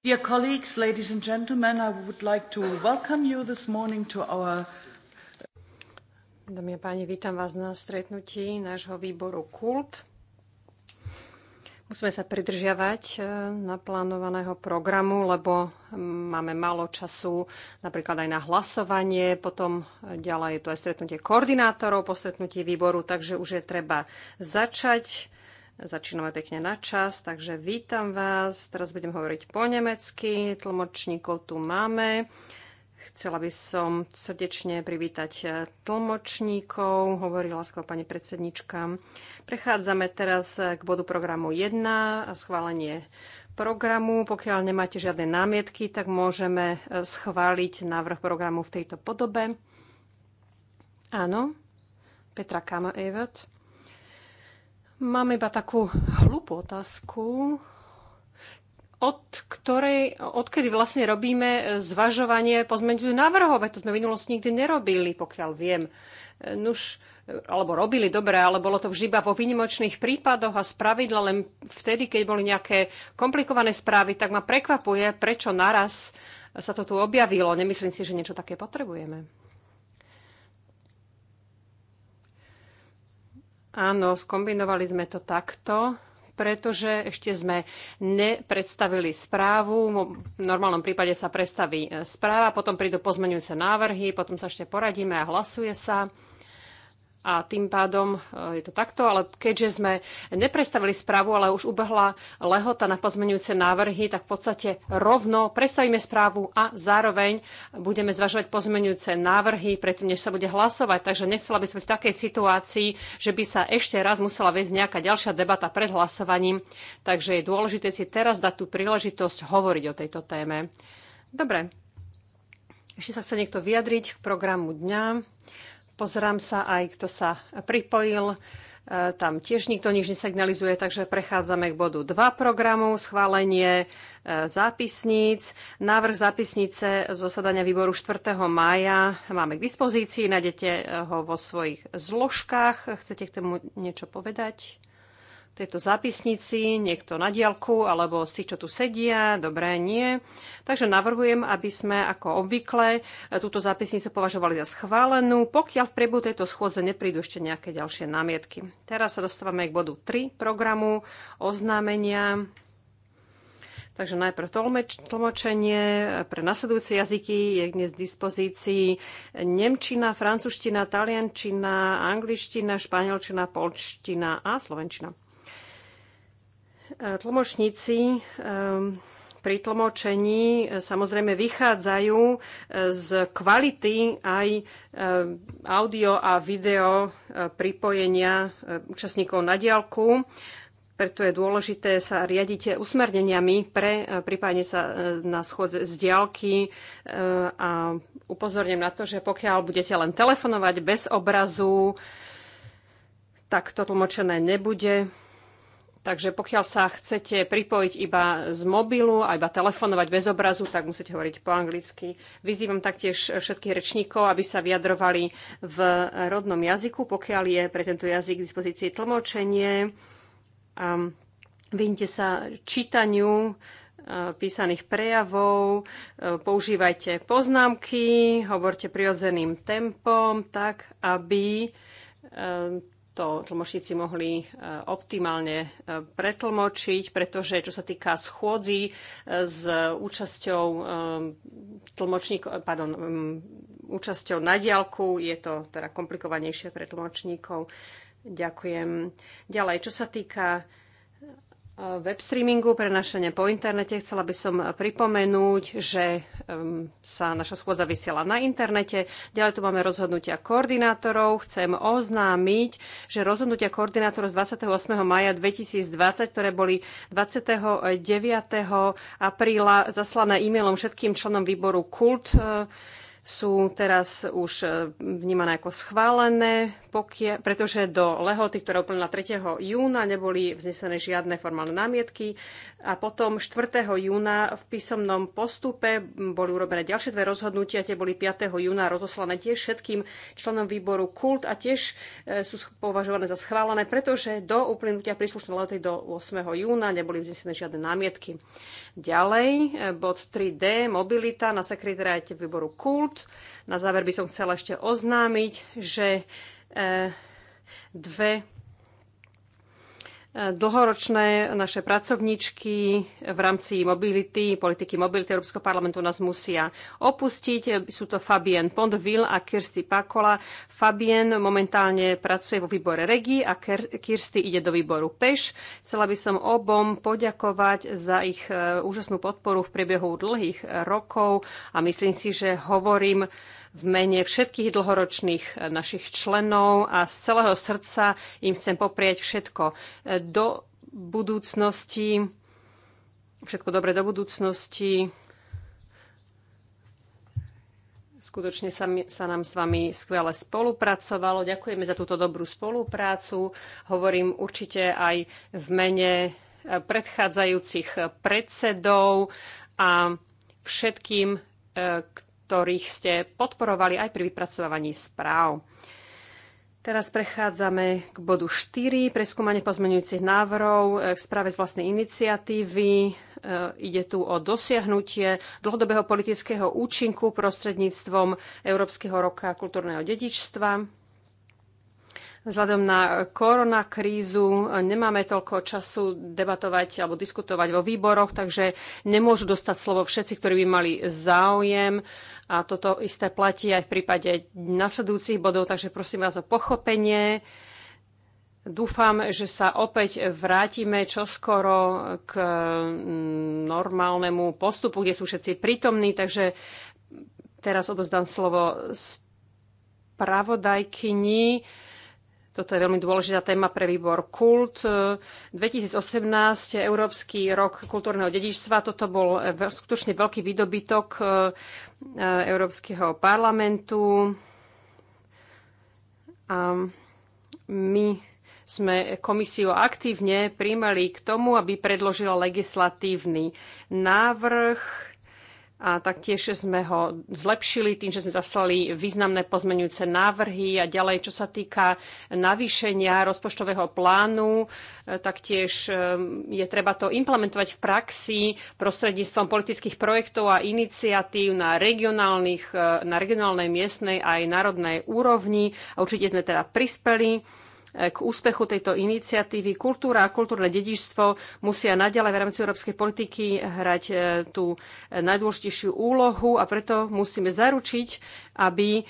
Dear colleagues, ladies and gentlemen, I would like to welcome you this morning to our Dámy a páni, vítam vás na stretnutí nášho výboru KULT. Musíme sa pridržiavať e, naplánovaného programu, lebo mm, máme málo času napríklad aj na hlasovanie, potom ďalej je to aj stretnutie koordinátorov po stretnutí výboru, takže už je treba začať Začíname pekne na čas, takže vítam vás. Teraz budem hovoriť po nemecky, tlmočníkov tu máme. Chcela by som srdečne privítať eh, tlmočníkov, hovorí láskova pani predsednička. Prechádzame teraz eh, k bodu programu 1 a eh, schválenie programu. Pokiaľ nemáte žiadne námietky, tak môžeme schváliť návrh programu v tejto podobe. Áno, Petra Kama-Evert. Mám iba takú hlúpu otázku, od ktorej, odkedy vlastne robíme e, zvažovanie pozmeňujúcich návrhové? to sme v minulosti nikdy nerobili, pokiaľ viem. E, nuž, e, alebo robili dobre, ale bolo to vždy iba vo výnimočných prípadoch a spravidla len vtedy, keď boli nejaké komplikované správy, tak ma prekvapuje, prečo naraz sa to tu objavilo. Nemyslím si, že niečo také potrebujeme. Áno, skombinovali sme to takto, pretože ešte sme nepredstavili správu. V normálnom prípade sa predstaví e, správa, potom prídu pozmeňujúce návrhy, potom sa ešte poradíme a hlasuje sa a tým pádom e, je to takto, ale keďže sme neprestavili správu, ale už ubehla lehota na pozmenujúce návrhy, tak v podstate rovno predstavíme správu a zároveň budeme zvažovať pozmenujúce návrhy, predtým než sa bude hlasovať. Takže nechcela by sme v takej situácii, že by sa ešte raz musela viesť nejaká ďalšia debata pred hlasovaním. Takže je dôležité si teraz dať tú príležitosť hovoriť o tejto téme. Dobre. Ešte sa chce niekto vyjadriť k programu dňa. Pozerám sa aj, kto sa pripojil. E, tam tiež nikto nič nesignalizuje, takže prechádzame k bodu 2 programu, schválenie e, zápisníc. Návrh zápisnice z osadania výboru 4. mája máme k dispozícii, nájdete e, ho vo svojich zložkách. Chcete k tomu niečo povedať? tejto zápisnici, niekto na diálku, alebo z tých, čo tu sedia, dobré nie. Takže navrhujem, aby sme ako obvykle túto zápisnicu považovali za schválenú, pokiaľ v priebehu tejto schôdze neprídu ešte nejaké ďalšie námietky. Teraz sa dostávame k bodu 3 programu oznámenia. Takže najprv tlmeč, tlmočenie pre nasledujúce jazyky je dnes v dispozícii nemčina, francúzština, taliančina, angličtina, španielčina, polština a slovenčina. Tlmočníci ehm, pri tlmočení e, samozrejme vychádzajú e, z kvality aj e, audio a video pripojenia účastníkov na diálku. Preto je dôležité sa riadiť usmerneniami pre pripájanie sa na schôdze z diálky a upozorním na to, že pokiaľ budete len telefonovať bez obrazu, tak to tlmočené nebude. Takže pokiaľ sa chcete pripojiť iba z mobilu a iba telefonovať bez obrazu, tak musíte hovoriť po anglicky. Vyzývam taktiež všetkých rečníkov, aby sa vyjadrovali v rodnom jazyku, pokiaľ je pre tento jazyk k dispozícii tlmočenie. vyhnite sa čítaniu e, písaných prejavov, e, používajte poznámky, hovorte prirodzeným tempom, tak aby e, to tlmočníci mohli e, optimálne e, pretlmočiť, pretože čo sa týka schôdzi e, s účasťou tlmočníkov, pardon, účasťou na diálku, je to teda komplikovanejšie pre tlmočníkov. Ďakujem. Ďalej, čo sa týka Eh, web streamingu, prenašania po internete. Chcela by som pripomenúť, že sa naša schôdza vysiela na internete. Ďalej tu máme rozhodnutia koordinátorov. Chcem oznámiť, že rozhodnutia koordinátorov z 28. maja 2020, ktoré boli 29. apríla zaslané e-mailom všetkým členom výboru KULT, eh, sú teraz už e, vnímané ako schválené, pokia- pretože do lehoty, ktorá uplynula 3. júna, neboli vznesené žiadne formálne námietky a potom 4. júna v písomnom postupe boli urobené ďalšie dve rozhodnutia, tie boli 5. júna rozoslané tiež všetkým členom výboru KULT a tiež e, sú považované za schválené, pretože do uplynutia príslušnej lehoty do 8. júna neboli vznesené žiadne námietky. Ďalej, e, bod 3D, mobilita na sekretariate výboru KULT minút. Na záver by som chcela ešte oznámiť, že eh, dve Dlhoročné naše pracovničky v rámci mobility, politiky mobility Európskeho parlamentu nás musia opustiť. Sú to Fabien Pondville a Kirsty Pakola. Fabien momentálne pracuje vo výbore Regi a Kirsty ide do výboru Peš. Chcela by som obom poďakovať za ich e, úžasnú podporu v priebehu dlhých rokov a myslím si, že hovorím v mene všetkých dlhoročných eh, našich členov a z celého srdca im chcem poprieť všetko eh, do budúcnosti, všetko dobre do budúcnosti. Skutočne sa, mi, sa nám s vami skvele spolupracovalo. Ďakujeme za túto dobrú spoluprácu. Hovorím určite aj v mene eh, predchádzajúcich predsedov a všetkým, ktorých ste podporovali aj pri vypracovaní správ. Teraz prechádzame k bodu 4, preskúmanie pozmenujúcich návrhov e, k správe z vlastnej iniciatívy. E, ide tu o dosiahnutie dlhodobého politického účinku prostredníctvom Európskeho roka kultúrneho dedičstva. Vzhľadom na koronakrízu e, nemáme toľko času debatovať alebo diskutovať vo výboroch, takže nemôžu dostať slovo všetci, ktorí by mali záujem. A toto isté platí aj v prípade nasledujúcich bodov, takže prosím vás o pochopenie. Dúfam, že sa opäť vrátime čoskoro k mm, normálnemu postupu, kde sú všetci prítomní, takže teraz odozdám slovo spravodajkyni. Toto je veľmi dôležitá téma pre výbor Kult. 2018, Európsky rok kultúrneho dedičstva, toto bol e, skutočne veľký výdobytok e, e, Európskeho parlamentu. A my sme komisiu aktívne príjmali k tomu, aby predložila legislatívny návrh a taktiež sme ho zlepšili tým, že sme zaslali významné pozmenujúce návrhy a ďalej, čo sa týka navýšenia rozpočtového plánu, e, taktiež e, je treba to implementovať v praxi prostredníctvom politických projektov a iniciatív na, regionálnych, e, na regionálnej, miestnej aj národnej úrovni. A určite sme teda prispeli E, k úspechu tejto iniciatívy. Kultúra a kultúrne dedičstvo musia naďalej v rámci európskej politiky hrať e, tú e, najdôležitejšiu úlohu a preto musíme zaručiť, aby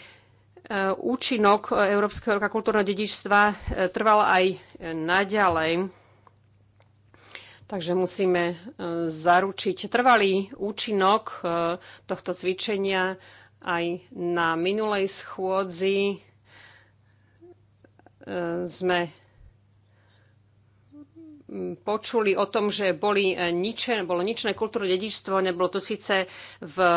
účinok Európskeho roka kultúrneho dedičstva trval aj naďalej. Takže musíme zaručiť trvalý účinok tohto cvičenia aj na minulej schôdzi sme mm, počuli o tom, že boli e, ničené, bolo ničené kultúrne dedičstvo, nebolo to síce v e,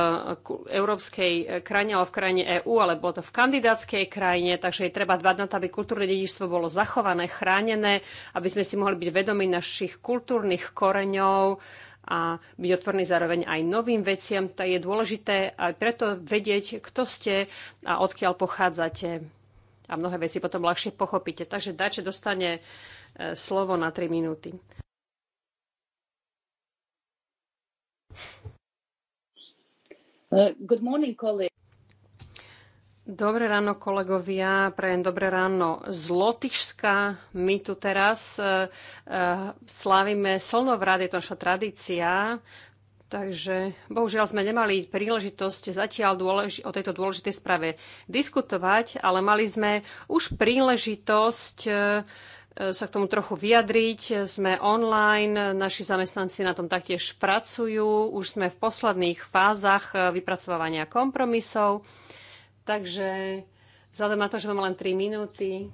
európskej e, krajine, ale v krajine EÚ, ale bolo to v kandidátskej krajine, takže je treba dbať na to, aby kultúrne dedičstvo bolo zachované, chránené, aby sme si mohli byť vedomi našich kultúrnych koreňov a byť otvorný zároveň aj novým veciam. To je dôležité aj preto vedieť, kto ste a odkiaľ pochádzate a mnohé veci potom ľahšie pochopíte. Takže Dače dostane e, slovo na 3 minúty. E, good morning, Dobré ráno, kolegovia. Prajem dobré ráno z Lotyšska. My tu teraz uh, slávime Slnovrad, je to naša tradícia. Takže bohužiaľ sme nemali príležitosť zatiaľ dôleži- o tejto dôležitej sprave diskutovať, ale mali sme už príležitosť e, e, sa k tomu trochu vyjadriť. Sme online, naši zamestnanci na tom taktiež pracujú, už sme v posledných fázach e, vypracovania kompromisov. Takže vzhľadom na to, že máme len 3 minúty,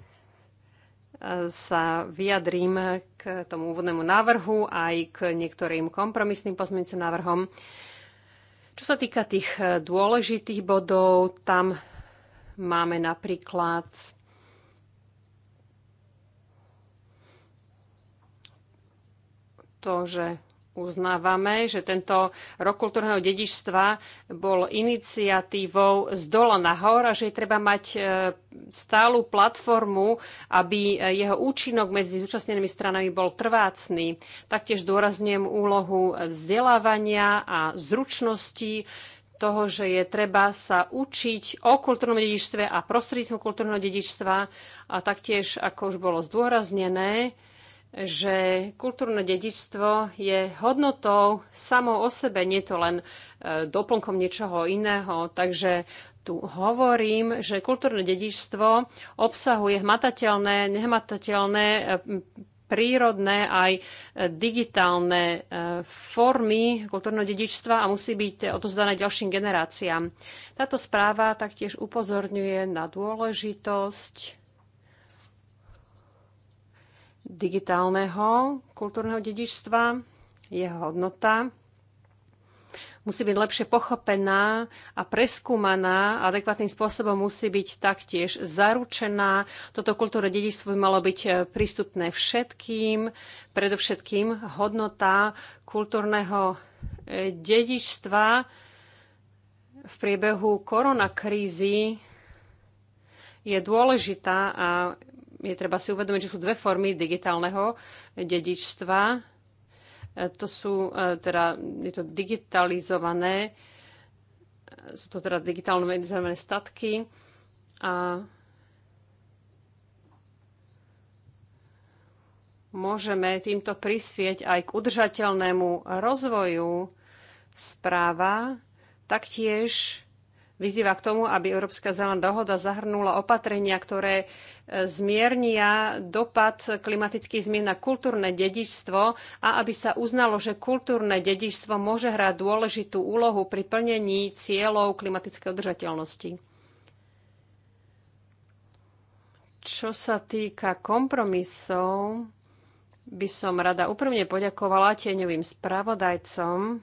sa vyjadrím k tomu úvodnému návrhu aj k niektorým kompromisným pozmeňujúcim návrhom. Čo sa týka tých dôležitých bodov, tam máme napríklad to, že uznávame, že tento rok kultúrneho dedičstva bol iniciatívou z dola nahor a že je treba mať e, stálu platformu, aby e, jeho účinok medzi zúčastnenými stranami bol trvácný. Taktiež dôrazňujem úlohu vzdelávania a zručnosti, toho, že je treba sa učiť o kultúrnom dedičstve a prostredníctvom kultúrneho dedičstva a taktiež, ako už bolo zdôraznené, že kultúrne dedičstvo je hodnotou samou o sebe, nie to len e, doplnkom niečoho iného. Takže tu hovorím, že kultúrne dedičstvo obsahuje hmatateľné, nehmatateľné, e, prírodné aj e, digitálne formy kultúrneho dedičstva a musí byť odozdané ďalším generáciám. Táto správa taktiež upozorňuje na dôležitosť digitálneho kultúrneho dedičstva, jeho hodnota musí byť lepšie pochopená a preskúmaná, adekvátnym spôsobom musí byť taktiež zaručená. Toto kultúrne dedičstvo by malo byť e, prístupné všetkým, predovšetkým hodnota kultúrneho e, dedičstva v priebehu koronakrízy je dôležitá a je treba si uvedomiť, že sú dve formy digitálneho dedičstva. E, to sú e, teda, je to digitalizované, e, sú to teda digitálne statky a môžeme týmto prispieť aj k udržateľnému rozvoju správa, taktiež vyzýva k tomu, aby Európska zelená dohoda zahrnula opatrenia, ktoré e, zmiernia dopad klimatických zmien na kultúrne dedičstvo a aby sa uznalo, že kultúrne dedičstvo môže hrať dôležitú úlohu pri plnení cieľov klimatickej udržateľnosti. Čo sa týka kompromisov, by som rada úprimne poďakovala tieňovým spravodajcom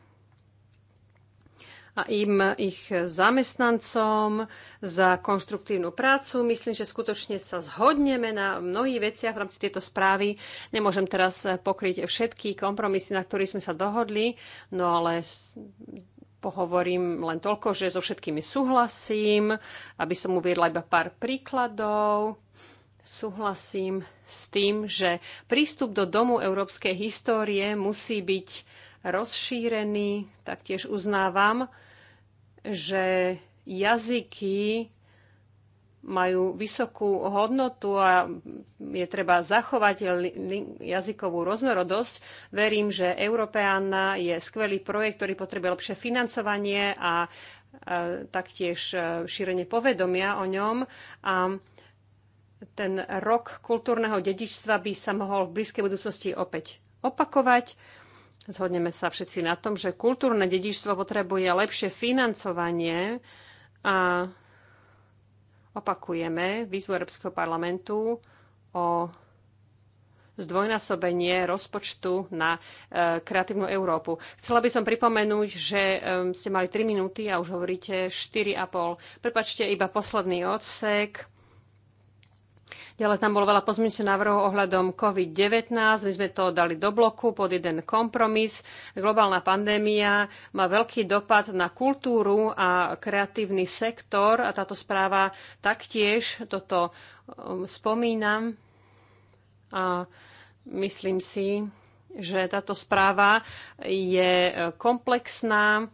a im ich zamestnancom za konštruktívnu prácu. Myslím, že skutočne sa zhodneme na mnohých veciach v rámci tejto správy. Nemôžem teraz pokryť všetky kompromisy, na ktorých sme sa dohodli, no ale pohovorím len toľko, že so všetkými súhlasím, aby som uviedla iba pár príkladov súhlasím s tým, že prístup do Domu európskej histórie musí byť rozšírený. Taktiež uznávam že jazyky majú vysokú hodnotu a je treba zachovať jazykovú roznorodosť. Verím, že Európeana je skvelý projekt, ktorý potrebuje lepšie financovanie a e, taktiež e, šírenie povedomia o ňom. A ten rok kultúrneho dedičstva by sa mohol v blízkej budúcnosti opäť opakovať. Zhodneme sa všetci na tom, že kultúrne dedičstvo potrebuje lepšie financovanie a opakujeme výzvu Európskeho parlamentu o zdvojnásobenie rozpočtu na e, kreatívnu Európu. Chcela by som pripomenúť, že e, ste mali 3 minúty a už hovoríte 4,5. Prepačte, iba posledný odsek. Ďalej tam bolo veľa pozmeňujúcich návrhov ohľadom COVID-19. My sme to dali do bloku pod jeden kompromis. Globálna pandémia má veľký dopad na kultúru a kreatívny sektor a táto správa taktiež toto um, spomínam. A myslím si, že táto správa je e, komplexná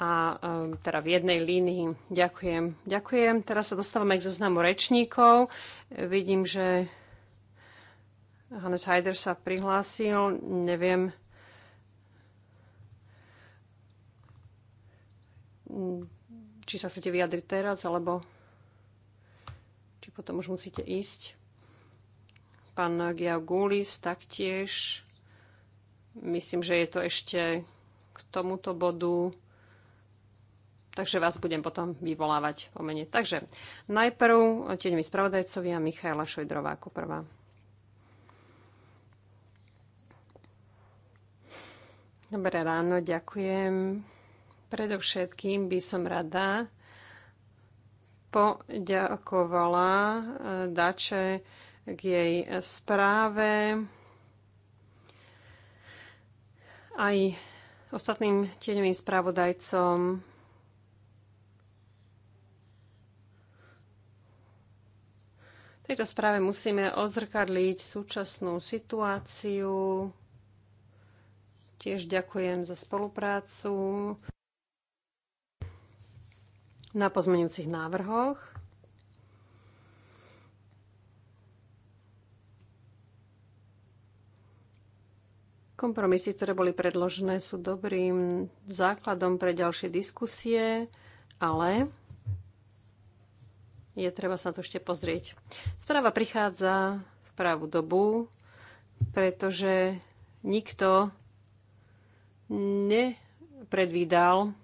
a um, teda v jednej línii. Ďakujem. Ďakujem. Teraz sa dostávame k zoznamu rečníkov. Vidím, že Hannes Heider sa prihlásil. Neviem, či sa chcete vyjadriť teraz, alebo či potom už musíte ísť. Pán Giao Gulis taktiež. Myslím, že je to ešte k tomuto bodu takže vás budem potom vyvolávať po mene. Takže najprv tieňmi spravodajcovia Michaela Šojdrová ako prvá. Dobré ráno, ďakujem. Predovšetkým by som rada poďakovala eh, Dače k jej správe aj ostatným tieňovým správodajcom tejto správe musíme odzrkadliť súčasnú situáciu. Tiež ďakujem za spoluprácu na pozmeňujúcich návrhoch. Kompromisy, ktoré boli predložené, sú dobrým základom pre ďalšie diskusie, ale je treba sa to ešte pozrieť. Správa prichádza v pravú dobu, pretože nikto nepredvídal,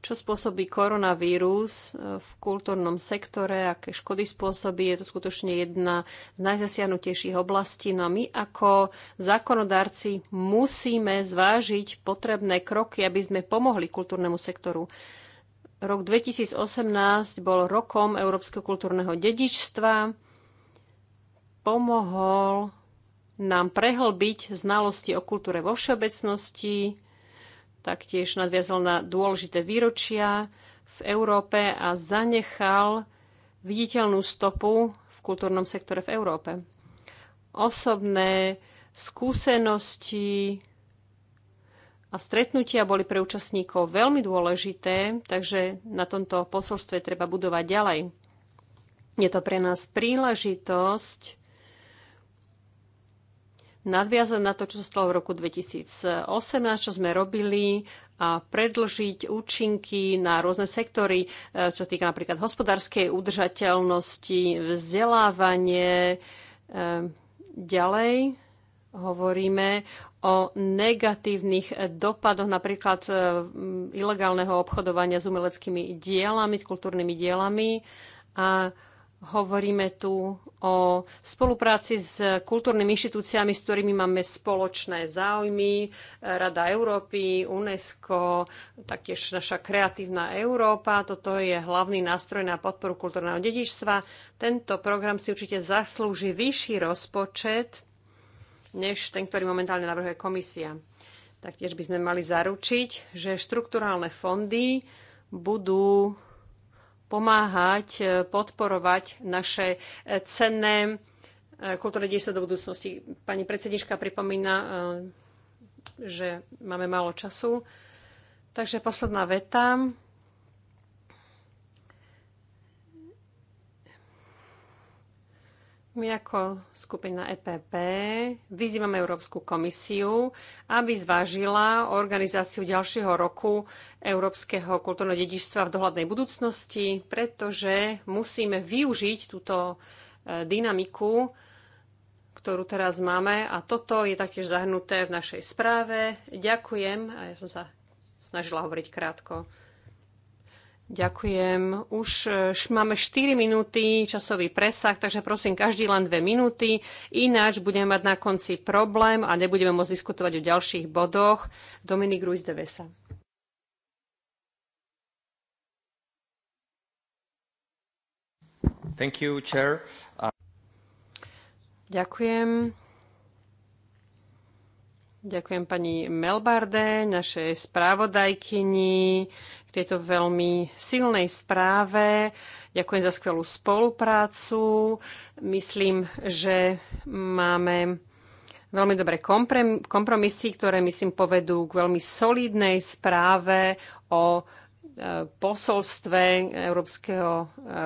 čo spôsobí koronavírus v kultúrnom sektore, aké škody spôsobí. Je to skutočne jedna z najzasiahnutejších oblastí. No a my ako zákonodárci musíme zvážiť potrebné kroky, aby sme pomohli kultúrnemu sektoru. Rok 2018 bol rokom Európskeho kultúrneho dedičstva. Pomohol nám prehlbiť znalosti o kultúre vo všeobecnosti, taktiež nadviazal na dôležité výročia v Európe a zanechal viditeľnú stopu v kultúrnom sektore v Európe. Osobné skúsenosti a stretnutia boli pre účastníkov veľmi dôležité, takže na tomto posolstve treba budovať ďalej. Je to pre nás príležitosť nadviazať na to, čo sa stalo v roku 2018, čo sme robili a predlžiť účinky na rôzne sektory, e, čo týka napríklad hospodárskej udržateľnosti, vzdelávanie, e, ďalej hovoríme o negatívnych dopadoch napríklad e, ilegálneho obchodovania s umeleckými dielami, s kultúrnymi dielami a hovoríme tu o spolupráci s kultúrnymi inštitúciami, s ktorými máme spoločné záujmy, e, Rada Európy, UNESCO, taktiež naša kreatívna Európa. Toto je hlavný nástroj na podporu kultúrneho dedičstva. Tento program si určite zaslúži vyšší rozpočet, než ten, ktorý momentálne navrhuje komisia. Taktiež by sme mali zaručiť, že štrukturálne fondy budú pomáhať e, podporovať naše e, cenné e, kultúrne dejstva do budúcnosti. Pani predsednička pripomína, že máme málo času. Takže posledná veta. My ako skupina EPP vyzývame Európsku komisiu, aby zvážila organizáciu ďalšieho roku Európskeho kultúrneho dedičstva v dohľadnej budúcnosti, pretože musíme využiť túto e, dynamiku, ktorú teraz máme a toto je taktiež zahrnuté v našej správe. Ďakujem a ja som sa snažila hovoriť krátko. Ďakujem. Už e, máme 4 minúty časový presah, takže prosím každý len 2 minúty, ináč budeme mať na konci problém a nebudeme môcť diskutovať o ďalších bodoch. Dominik Ruiz de Vesa. Thank you, chair. Uh... Ďakujem. Ďakujem pani Melbarde, našej správodajkyni, k tejto veľmi silnej správe. Ďakujem za skvelú spoluprácu. Myslím, že máme veľmi dobré kompromisy, ktoré myslím povedú k veľmi solidnej správe o posolstve Európskeho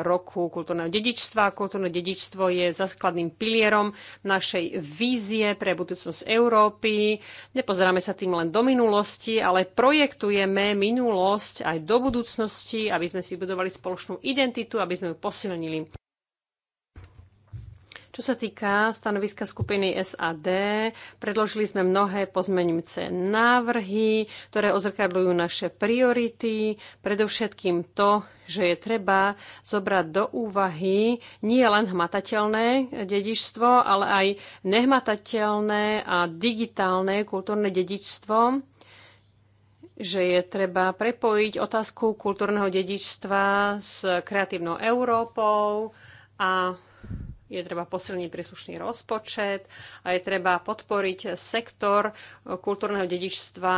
roku kultúrneho dedičstva. Kultúrne dedičstvo je základným pilierom našej vízie pre budúcnosť Európy. Nepozeráme sa tým len do minulosti, ale projektujeme minulosť aj do budúcnosti, aby sme si budovali spoločnú identitu, aby sme ju posilnili. Čo sa týka stanoviska skupiny SAD, predložili sme mnohé pozmeňujúce návrhy, ktoré ozrkadľujú naše priority, predovšetkým to, že je treba zobrať do úvahy nie len hmatateľné dedičstvo, ale aj nehmatateľné a digitálne kultúrne dedičstvo, že je treba prepojiť otázku kultúrneho dedičstva s kreatívnou Európou a je treba posilniť príslušný rozpočet a je treba podporiť sektor kultúrneho dedičstva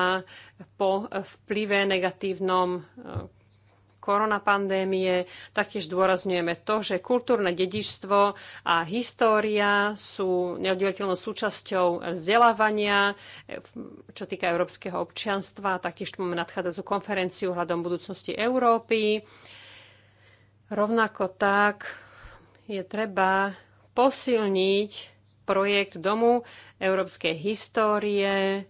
po vplyve negatívnom e, koronapandémie. Taktiež dôrazňujeme to, že kultúrne dedičstvo a história sú neoddeliteľnou súčasťou vzdelávania, e, čo týka európskeho občianstva. Taktiež tu máme nadchádzajúcu konferenciu hľadom budúcnosti Európy. Rovnako tak je treba posilniť projekt Domu európskej histórie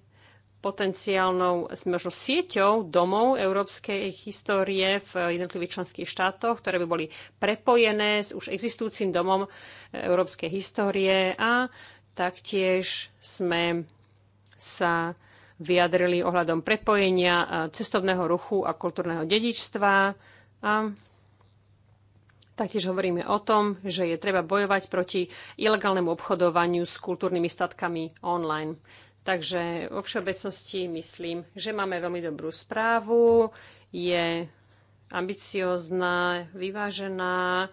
potenciálnou možno sieťou domov európskej histórie v jednotlivých členských štátoch, ktoré by boli prepojené s už existujúcim domom európskej histórie a taktiež sme sa vyjadrili ohľadom prepojenia e, cestovného ruchu a kultúrneho dedičstva a Taktiež hovoríme o tom, že je treba bojovať proti ilegálnemu obchodovaniu s kultúrnymi statkami online. Takže vo všeobecnosti myslím, že máme veľmi dobrú správu, je ambiciozná, vyvážená,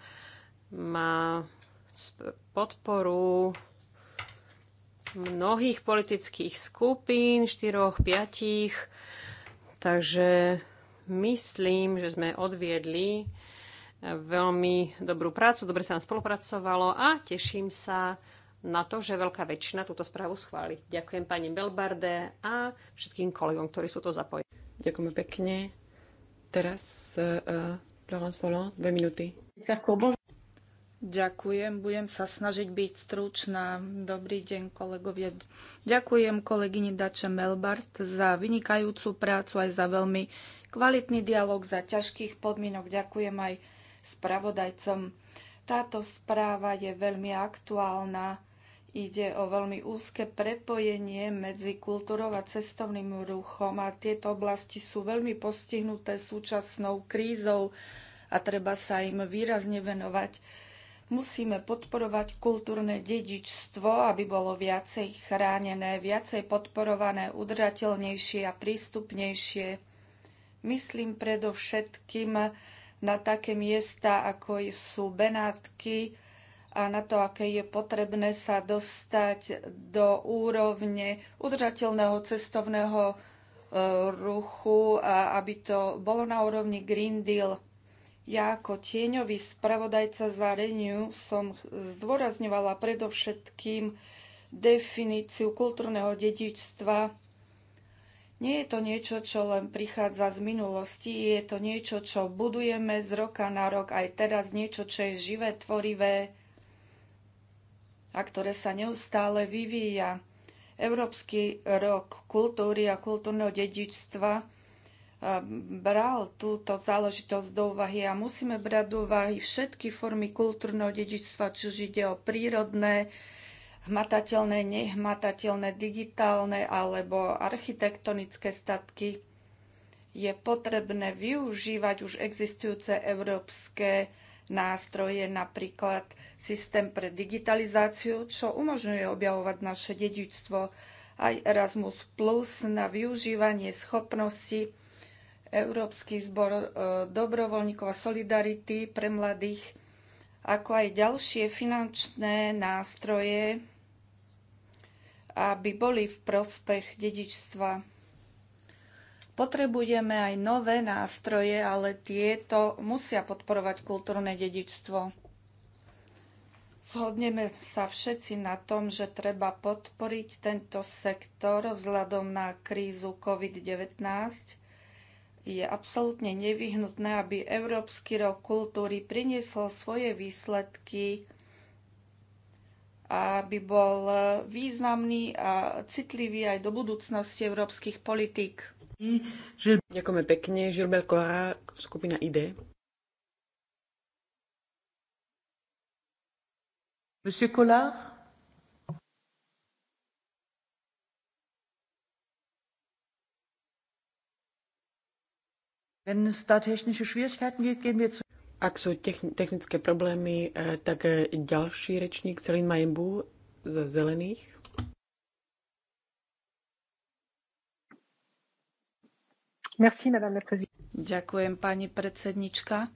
má podporu mnohých politických skupín, štyroch, piatich. Takže myslím, že sme odviedli veľmi dobrú prácu, dobre sa nám spolupracovalo a teším sa na to, že veľká väčšina túto správu schváli. Ďakujem pani Belbarde a všetkým kolegom, ktorí sú to zapojení. Ďakujeme pekne. Teraz uh, Florence dve minúty. Ďakujem, budem sa snažiť byť stručná. Dobrý deň, kolegovia. Ďakujem kolegyni Dače Melbart za vynikajúcu prácu aj za veľmi kvalitný dialog za ťažkých podmienok. Ďakujem aj spravodajcom. Táto správa je veľmi aktuálna. Ide o veľmi úzke prepojenie medzi kultúrou a cestovným ruchom a tieto oblasti sú veľmi postihnuté súčasnou krízou a treba sa im výrazne venovať. Musíme podporovať kultúrne dedičstvo, aby bolo viacej chránené, viacej podporované, udržateľnejšie a prístupnejšie. Myslím predovšetkým na také miesta, ako sú Benátky a na to, aké je potrebné sa dostať do úrovne udržateľného cestovného e, ruchu a aby to bolo na úrovni Green Deal. Ja ako tieňový spravodajca za Renew som zdôrazňovala predovšetkým definíciu kultúrneho dedičstva nie je to niečo, čo len prichádza z minulosti, je to niečo, čo budujeme z roka na rok, aj teraz niečo, čo je živé, tvorivé a ktoré sa neustále vyvíja. Európsky rok kultúry a kultúrneho dedičstva bral túto záležitosť do úvahy a musíme brať do úvahy všetky formy kultúrneho dedičstva, či už ide o prírodné, hmatateľné, nehmatateľné, digitálne alebo architektonické statky. Je potrebné využívať už existujúce európske nástroje, napríklad systém pre digitalizáciu, čo umožňuje objavovať naše dedičstvo aj Erasmus Plus na využívanie schopnosti Európsky zbor e, dobrovoľníkov a solidarity pre mladých, ako aj ďalšie finančné nástroje aby boli v prospech dedičstva. Potrebujeme aj nové nástroje, ale tieto musia podporovať kultúrne dedičstvo. Zhodneme sa všetci na tom, že treba podporiť tento sektor vzhľadom na krízu COVID-19. Je absolútne nevyhnutné, aby Európsky rok kultúry priniesol svoje výsledky aby bol e, významný a citlivý aj do budúcnosti európskych politík. Ďakujeme pekne. Žilbel Kohara, skupina ID. Monsieur Collard Wenn es da technische Schwierigkeiten gibt, gehen wir zu ak sú technické problémy, e, tak e, ďalší rečník Selin Majembu z Zelených. Merci, madame la Ďakujem, pani predsednička.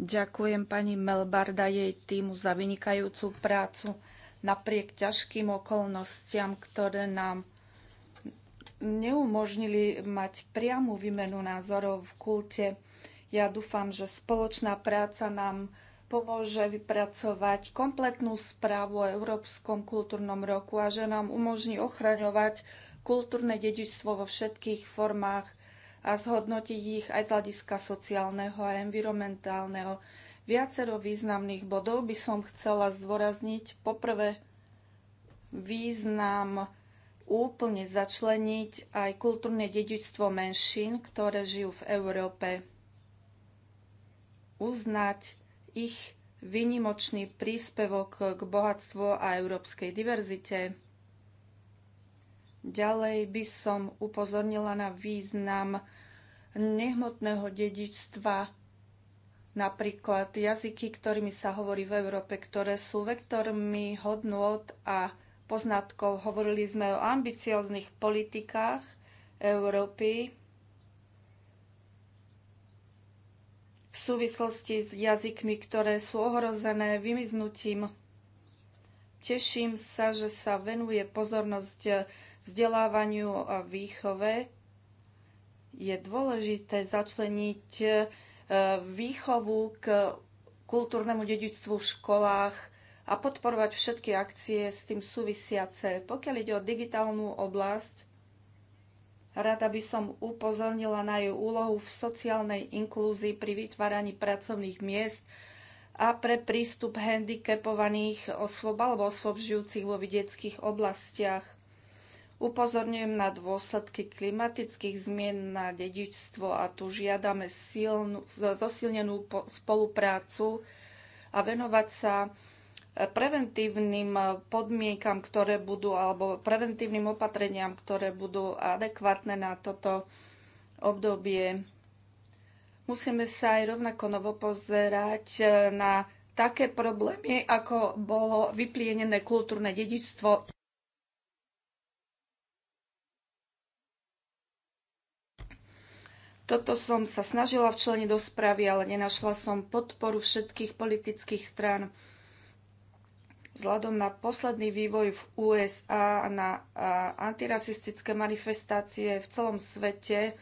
Ďakujem pani Melbarda jej týmu za vynikajúcu prácu napriek ťažkým okolnostiam, ktoré nám neumožnili mať priamu výmenu názorov v kulte ja dúfam, že spoločná práca nám pomôže vypracovať kompletnú správu o Európskom kultúrnom roku a že nám umožní ochraňovať kultúrne dedičstvo vo všetkých formách a zhodnotiť ich aj z hľadiska sociálneho a environmentálneho. Viacero významných bodov by som chcela zdôrazniť. Poprvé, význam úplne začleniť aj kultúrne dedičstvo menšín, ktoré žijú v Európe uznať ich vynimočný príspevok k bohatstvu a európskej diverzite. Ďalej by som upozornila na význam nehmotného dedičstva, napríklad jazyky, ktorými sa hovorí v Európe, ktoré sú vektormi hodnôt a poznatkov. Hovorili sme o ambicióznych politikách Európy, v súvislosti s jazykmi, ktoré sú ohrozené vymiznutím. Teším sa, že sa venuje pozornosť vzdelávaniu a výchove. Je dôležité začleniť e, výchovu k kultúrnemu dedičstvu v školách a podporovať všetky akcie s tým súvisiace. Pokiaľ ide o digitálnu oblasť, Rada by som upozornila na jej úlohu v sociálnej inklúzii pri vytváraní pracovných miest a pre prístup handicapovaných osôb alebo osôb žijúcich vo vidieckých oblastiach. Upozorňujem na dôsledky klimatických zmien na dedičstvo a tu žiadame silnú, zosilnenú spoluprácu a venovať sa preventívnym podmienkam, ktoré budú, alebo preventívnym opatreniam, ktoré budú adekvátne na toto obdobie. Musíme sa aj rovnako novo pozerať e, na také problémy, ako bolo vyplienené kultúrne dedičstvo. Toto som sa snažila včleniť do správy, ale nenašla som podporu všetkých politických strán. Vzhľadom na posledný vývoj v USA a na antirasistické manifestácie v celom svete e,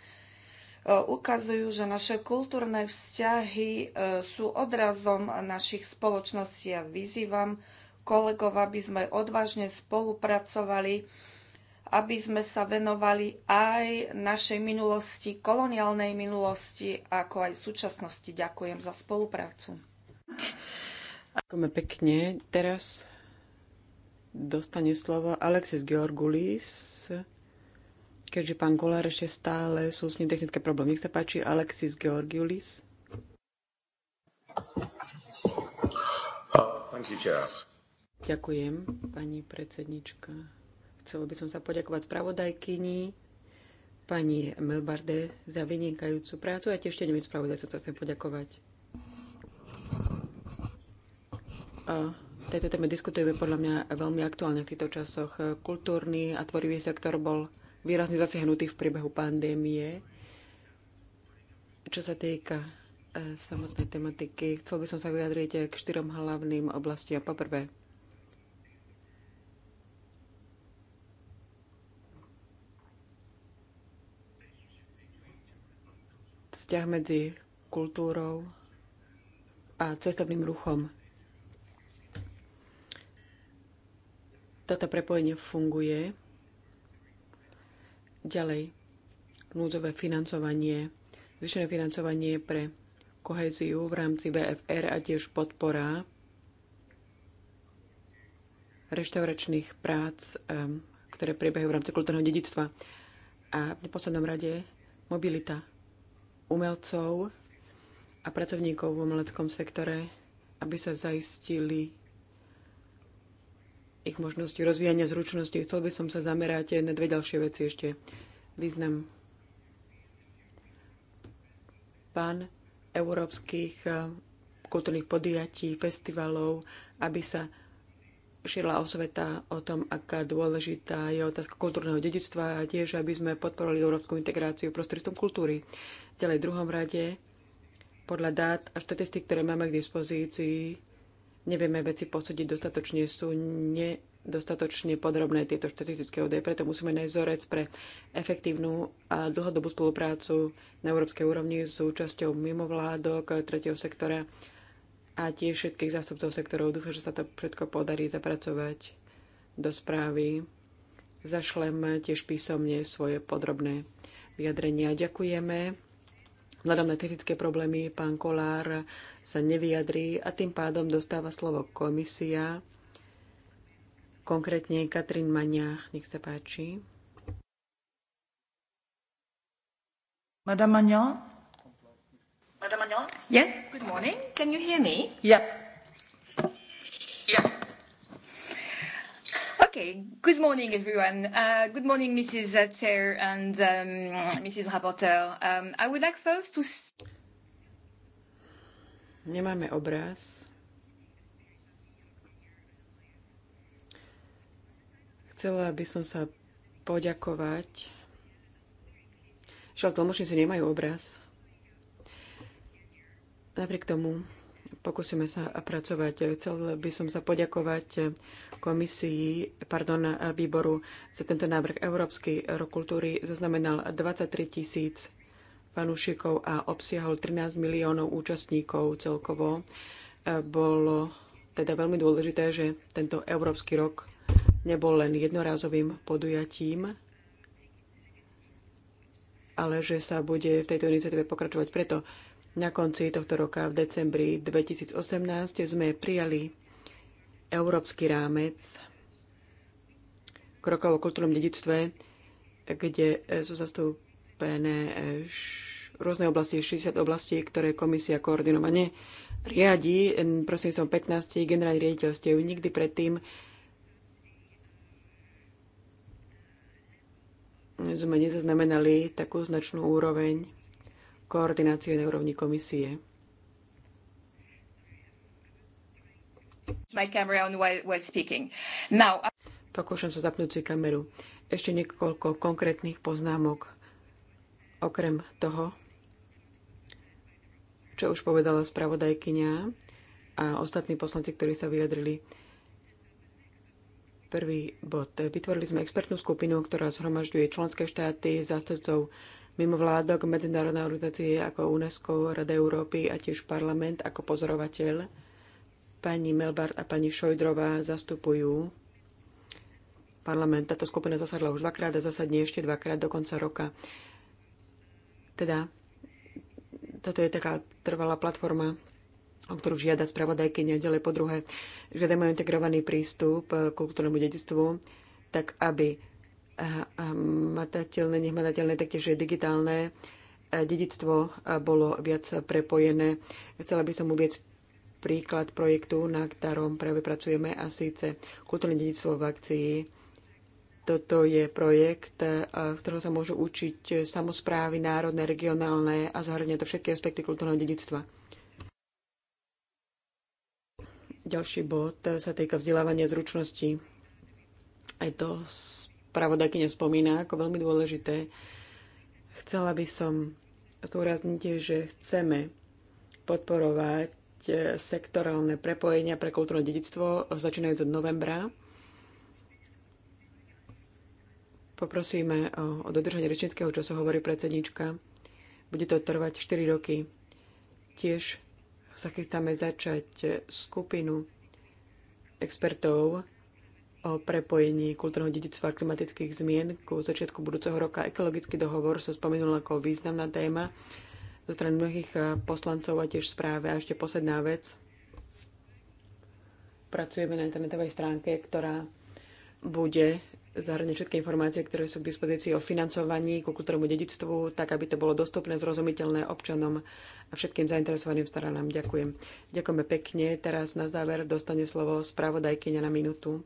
ukazujú, že naše kultúrne vzťahy e, sú odrazom našich spoločností a vyzývam kolegov, aby sme odvážne spolupracovali, aby sme sa venovali aj našej minulosti, koloniálnej minulosti, ako aj súčasnosti. Ďakujem za spoluprácu. Ďakujeme pekne. Teraz dostane slovo Alexis Georgulis, keďže pán Kolár ešte stále sú s ním technické problémy. Nech sa páči, Alexis Georgulis. Ďakujem, pani predsednička. Chcelo by som sa poďakovať spravodajkyni pani Melbarde za vynikajúcu prácu a tiež tieňovým spravodajcu chcem poďakovať. tejto téme diskutujeme podľa mňa veľmi aktuálne v týchto časoch. Kultúrny a tvorivý sektor bol výrazne zasiahnutý v priebehu pandémie. Čo sa týka e, samotnej tematiky, chcel by som sa vyjadriť k štyrom hlavným oblastiam. Poprvé, vzťah medzi kultúrou a cestovným ruchom. Toto prepojenie funguje. Ďalej, núdzové financovanie, zvyšené financovanie pre kohéziu v rámci VFR a tiež podpora reštauračných prác, ktoré prebiehajú v rámci kultúrneho dedictva. A v neposlednom rade mobilita umelcov a pracovníkov v umeleckom sektore, aby sa zaistili ich možnosti rozvíjania zručnosti. Chcel by som sa zamerať na dve ďalšie veci ešte. Význam pán európskych eh, kultúrnych podujatí, festivalov, aby sa šírila osveta o tom, aká dôležitá je otázka kultúrneho dedictva a tiež, aby sme podporili európsku integráciu prostredstvom kultúry. Ďalej v druhom rade, podľa dát a štatistik, ktoré máme k dispozícii, nevieme veci posúdiť dostatočne, sú nedostatočne podrobné tieto štatistické údaje, preto musíme nájsť vzorec pre efektívnu a dlhodobú spoluprácu na európskej úrovni s účasťou mimovládok, tretieho sektora a tiež všetkých zástupcov sektorov. Dúfam, že sa to všetko podarí zapracovať do správy. Zašlem tiež písomne svoje podrobné vyjadrenia. Ďakujeme Vzhľadom na technické problémy pán Kolár sa nevyjadrí a tým pádom dostáva slovo komisia, konkrétne Katrin Mania. Nech sa páči. Madame Magnon? Madame Magnon? Yes, good morning. Can you hear me? Yep. Okay. Good morning, everyone. Uh, good morning, Mrs. Chair and um, Mrs. Rapporteur. Um, I would like first to... Nemáme obraz. Chcela by som sa poďakovať. Žiaľ, tlmočníci nemajú obraz. Napriek tomu Pokúsime sa pracovať. Chcel by som sa poďakovať komisii, pardon, výboru za tento návrh. Európsky rok kultúry zaznamenal 23 tisíc fanúšikov a obsiahol 13 miliónov účastníkov celkovo. Bolo teda veľmi dôležité, že tento Európsky rok nebol len jednorázovým podujatím, ale že sa bude v tejto iniciatíve pokračovať. Preto na konci tohto roka v decembri 2018 sme prijali európsky rámec krokov o kultúrnom dedictve, kde sú zastúpené rôzne oblasti, 60 oblastí, ktoré komisia koordinovane riadi. Prosím som 15 generálnych riaditeľstiev. Nikdy predtým sme nezaznamenali takú značnú úroveň koordinácie na úrovni komisie. Uh, Pokúšam sa zapnúť si kameru. Ešte niekoľko konkrétnych poznámok. Okrem toho, čo už povedala spravodajkyňa a ostatní poslanci, ktorí sa vyjadrili. Prvý bod. Vytvorili sme expertnú skupinu, ktorá zhromažďuje členské štáty, zástupcov mimo vládok medzinárodnej organizácie ako UNESCO, Rada Európy a tiež parlament ako pozorovateľ. Pani Melbart a pani Šojdrová zastupujú parlament. Táto skupina zasadla už dvakrát a zasadne ešte dvakrát do konca roka. Teda, toto je taká trvalá platforma, o ktorú žiada spravodajky ďalej po druhé. Žiadame integrovaný prístup k kultúrnemu dedistvu, tak aby matateľné, nehmatateľné, taktiež je digitálne e, dedictvo e, bolo viac prepojené. Chcela by som uvieť príklad projektu, na ktorom práve pracujeme a síce kultúrne dedictvo v akcii. Toto je projekt, e, z ktorého sa môžu učiť samozprávy národné, regionálne a zahrania to všetky aspekty kultúrneho dedictva. Ďalší bod sa týka vzdelávania zručností. Aj to spravodajkyňa spomína ako veľmi dôležité. Chcela by som zdôrazniť, že chceme podporovať eh, sektorálne prepojenia pre kultúrne dedictvo začínajúc od novembra. Poprosíme o, o dodržanie rečnického času, hovorí predsednička. Bude to trvať 4 roky. Tiež sa chystáme začať eh, skupinu expertov o prepojení kultúrneho dedictva a klimatických zmien. Ku začiatku budúceho roka ekologický dohovor sa spomenul ako významná téma zo strany mnohých eh, poslancov a tiež správe. A ešte posledná vec. Pracujeme na internetovej stránke, ktorá bude zahrne všetky informácie, ktoré sú k dispozícii o financovaní ku kultúrnemu dedictvu, tak aby to bolo dostupné, zrozumiteľné občanom a všetkým zainteresovaným stranám. Ďakujem. Ďakujeme pekne. Teraz na záver dostane slovo spravodajkyňa na minútu.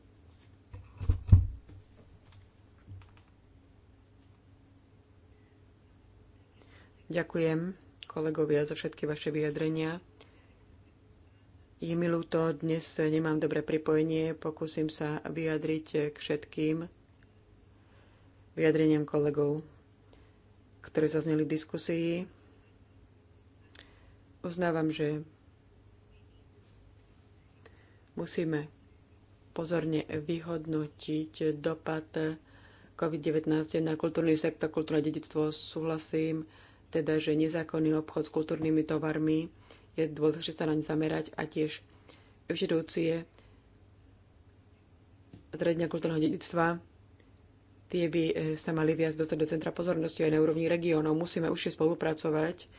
Ďakujem kolegovia za všetky vaše vyjadrenia. Je mi ľúto, dnes nemám dobré pripojenie, pokúsim sa vyjadriť k všetkým vyjadreniam kolegov, ktoré zazneli v diskusii. Uznávam, že musíme pozorne vyhodnotiť dopad COVID-19 na kultúrny sektor, kultúrne dedictvo. Súhlasím teda že nezákonný obchod s kultúrnymi tovarmi je dôležité sa naň zamerať a tiež evidúcie zredňa kultúrneho dedictva tie by e, sa mali viac dostať do centra pozornosti aj na úrovni regiónov. Musíme už spolupracovať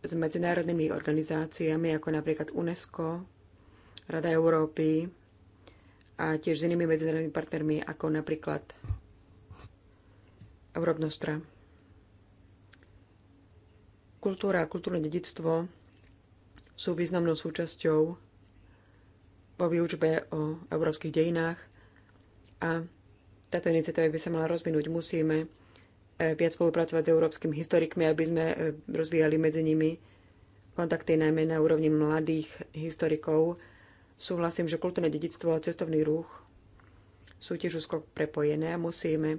s medzinárodnými organizáciami, ako napríklad UNESCO, Rada Európy a tiež s inými medzinárodnými partnermi, ako napríklad Európnostra. Kultúra a kultúrne dedictvo sú významnou súčasťou vo výučbe o európskych dejinách a táto iniciatíva by sa mala rozvinúť. Musíme e, viac spolupracovať s európskymi historikmi, aby sme e, rozvíjali medzi nimi kontakty najmä na úrovni mladých historikov. Súhlasím, že kultúrne dedictvo a cestovný ruch sú tiež úzko prepojené a musíme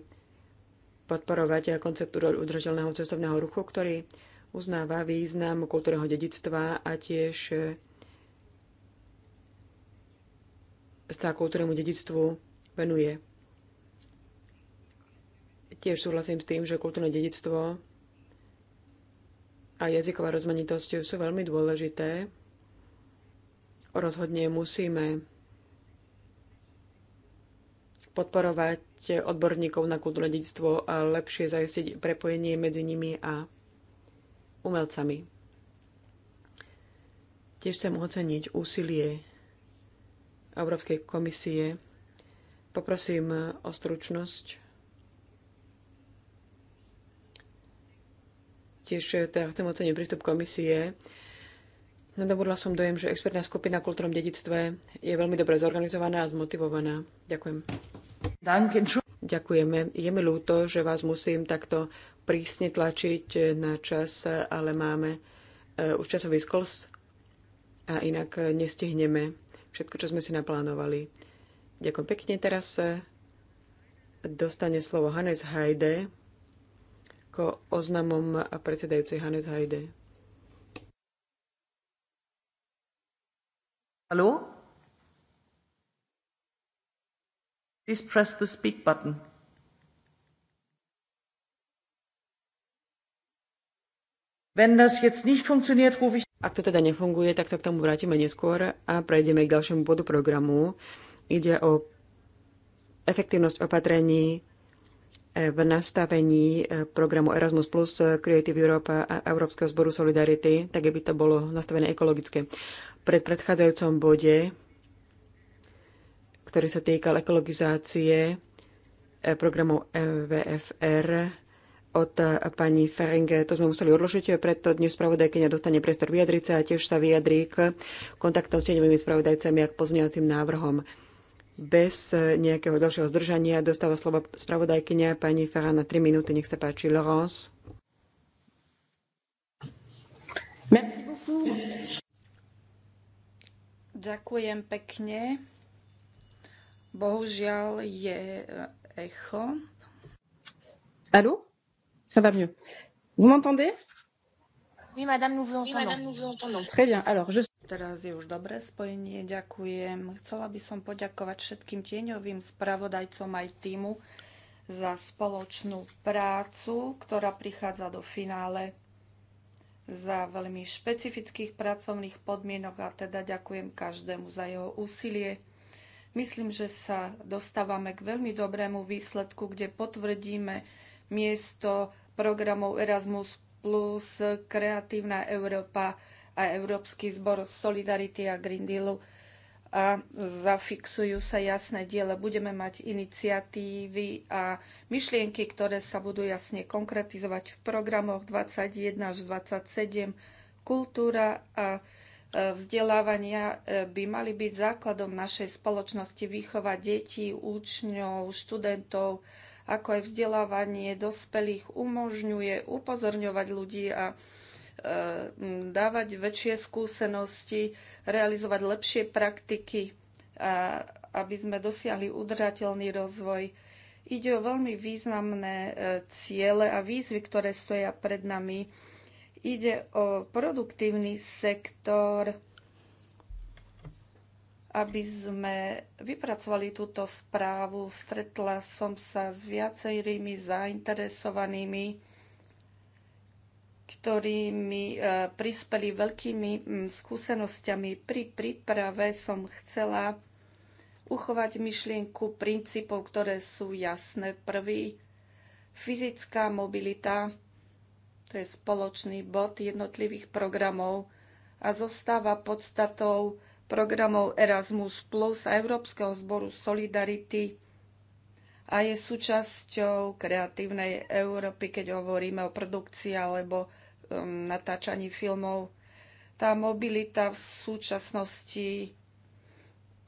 podporovať koncept udržateľného cestovného ruchu, ktorý uznáva význam kultúrneho dedictva a tiež e, sa kultúrnemu dedictvu venuje. Tiež súhlasím s tým, že kultúrne dedictvo a jazyková rozmanitosť sú veľmi dôležité. Rozhodne musíme podporovať odborníkov na kultúrne dedictvo a lepšie zajistiť prepojenie medzi nimi a umelcami. Tiež chcem oceniť úsilie Európskej komisie. Poprosím o stručnosť. Tiež eh, teda chcem oceniť prístup komisie. Nadobudla som dojem, že expertná skupina v kultúrnom dedictve je veľmi dobre zorganizovaná a zmotivovaná. Ďakujem. Ďakujeme. Je mi ľúto, že vás musím takto prísne tlačiť na čas, ale máme e, už časový skos a inak nestihneme všetko, čo sme si naplánovali. Ďakujem pekne. Teraz e, dostane slovo Hannes Hajde ko oznamom predsedajúcej Hannes Hajde. Hallo? Please press the speak button. Ak to teda nefunguje, tak sa k tomu vrátime neskôr a prejdeme k ďalšiemu bodu programu. Ide o efektívnosť opatrení e, v nastavení e, programu Erasmus Plus e, Creative Europe a Európskeho zboru Solidarity, tak aby to bolo nastavené ekologické. Pred predchádzajúcom bode, ktorý sa týkal ekologizácie programu VFR, od eh, pani Feringe. To sme museli odložiť, preto dnes spravodajkyňa dostane priestor vyjadriť sa a tiež sa vyjadrí k kontaktom s tieňovými spravodajcami a k pozňovacím návrhom. Bez eh, nejakého ďalšieho zdržania dostáva slovo spravodajkyňa pani Ferra na 3 minúty. Nech sa páči, Laurence. Ďakujem pekne. Bohužiaľ je eh, echo. Allô Ça va mieux. Vous m'entendez? Oui, madame, nous vous entendons. Oui, madame, nous vous entendons. Très bien. Alors, je... Teraz je už dobré spojenie, ďakujem. Chcela by som poďakovať všetkým tieňovým spravodajcom aj týmu za spoločnú prácu, ktorá prichádza do finále za veľmi špecifických pracovných podmienok a teda ďakujem každému za jeho úsilie. Myslím, že sa dostávame k veľmi dobrému výsledku, kde potvrdíme, miesto programov Erasmus plus Kreatívna Európa a Európsky zbor Solidarity a Green Dealu a zafixujú sa jasné diele. Budeme mať iniciatívy a myšlienky, ktoré sa budú jasne konkretizovať v programoch 21 až 27. Kultúra a e, vzdelávania e, by mali byť základom našej spoločnosti výchova detí, účňov, študentov ako aj vzdelávanie dospelých umožňuje upozorňovať ľudí a e, dávať väčšie skúsenosti, realizovať lepšie praktiky, aby sme dosiahli udržateľný rozvoj. Ide o veľmi významné e, ciele a výzvy, ktoré stoja pred nami. Ide o produktívny sektor, aby sme vypracovali túto správu. Stretla som sa s viacerými zainteresovanými, ktorí mi e, prispeli veľkými skúsenosťami. Pri príprave som chcela uchovať myšlienku princípov, ktoré sú jasné. Prvý, fyzická mobilita, to je spoločný bod jednotlivých programov a zostáva podstatou programov Erasmus Plus a Európskeho zboru Solidarity a je súčasťou kreatívnej Európy, keď hovoríme o produkcii alebo um, natáčaní filmov. Tá mobilita v súčasnosti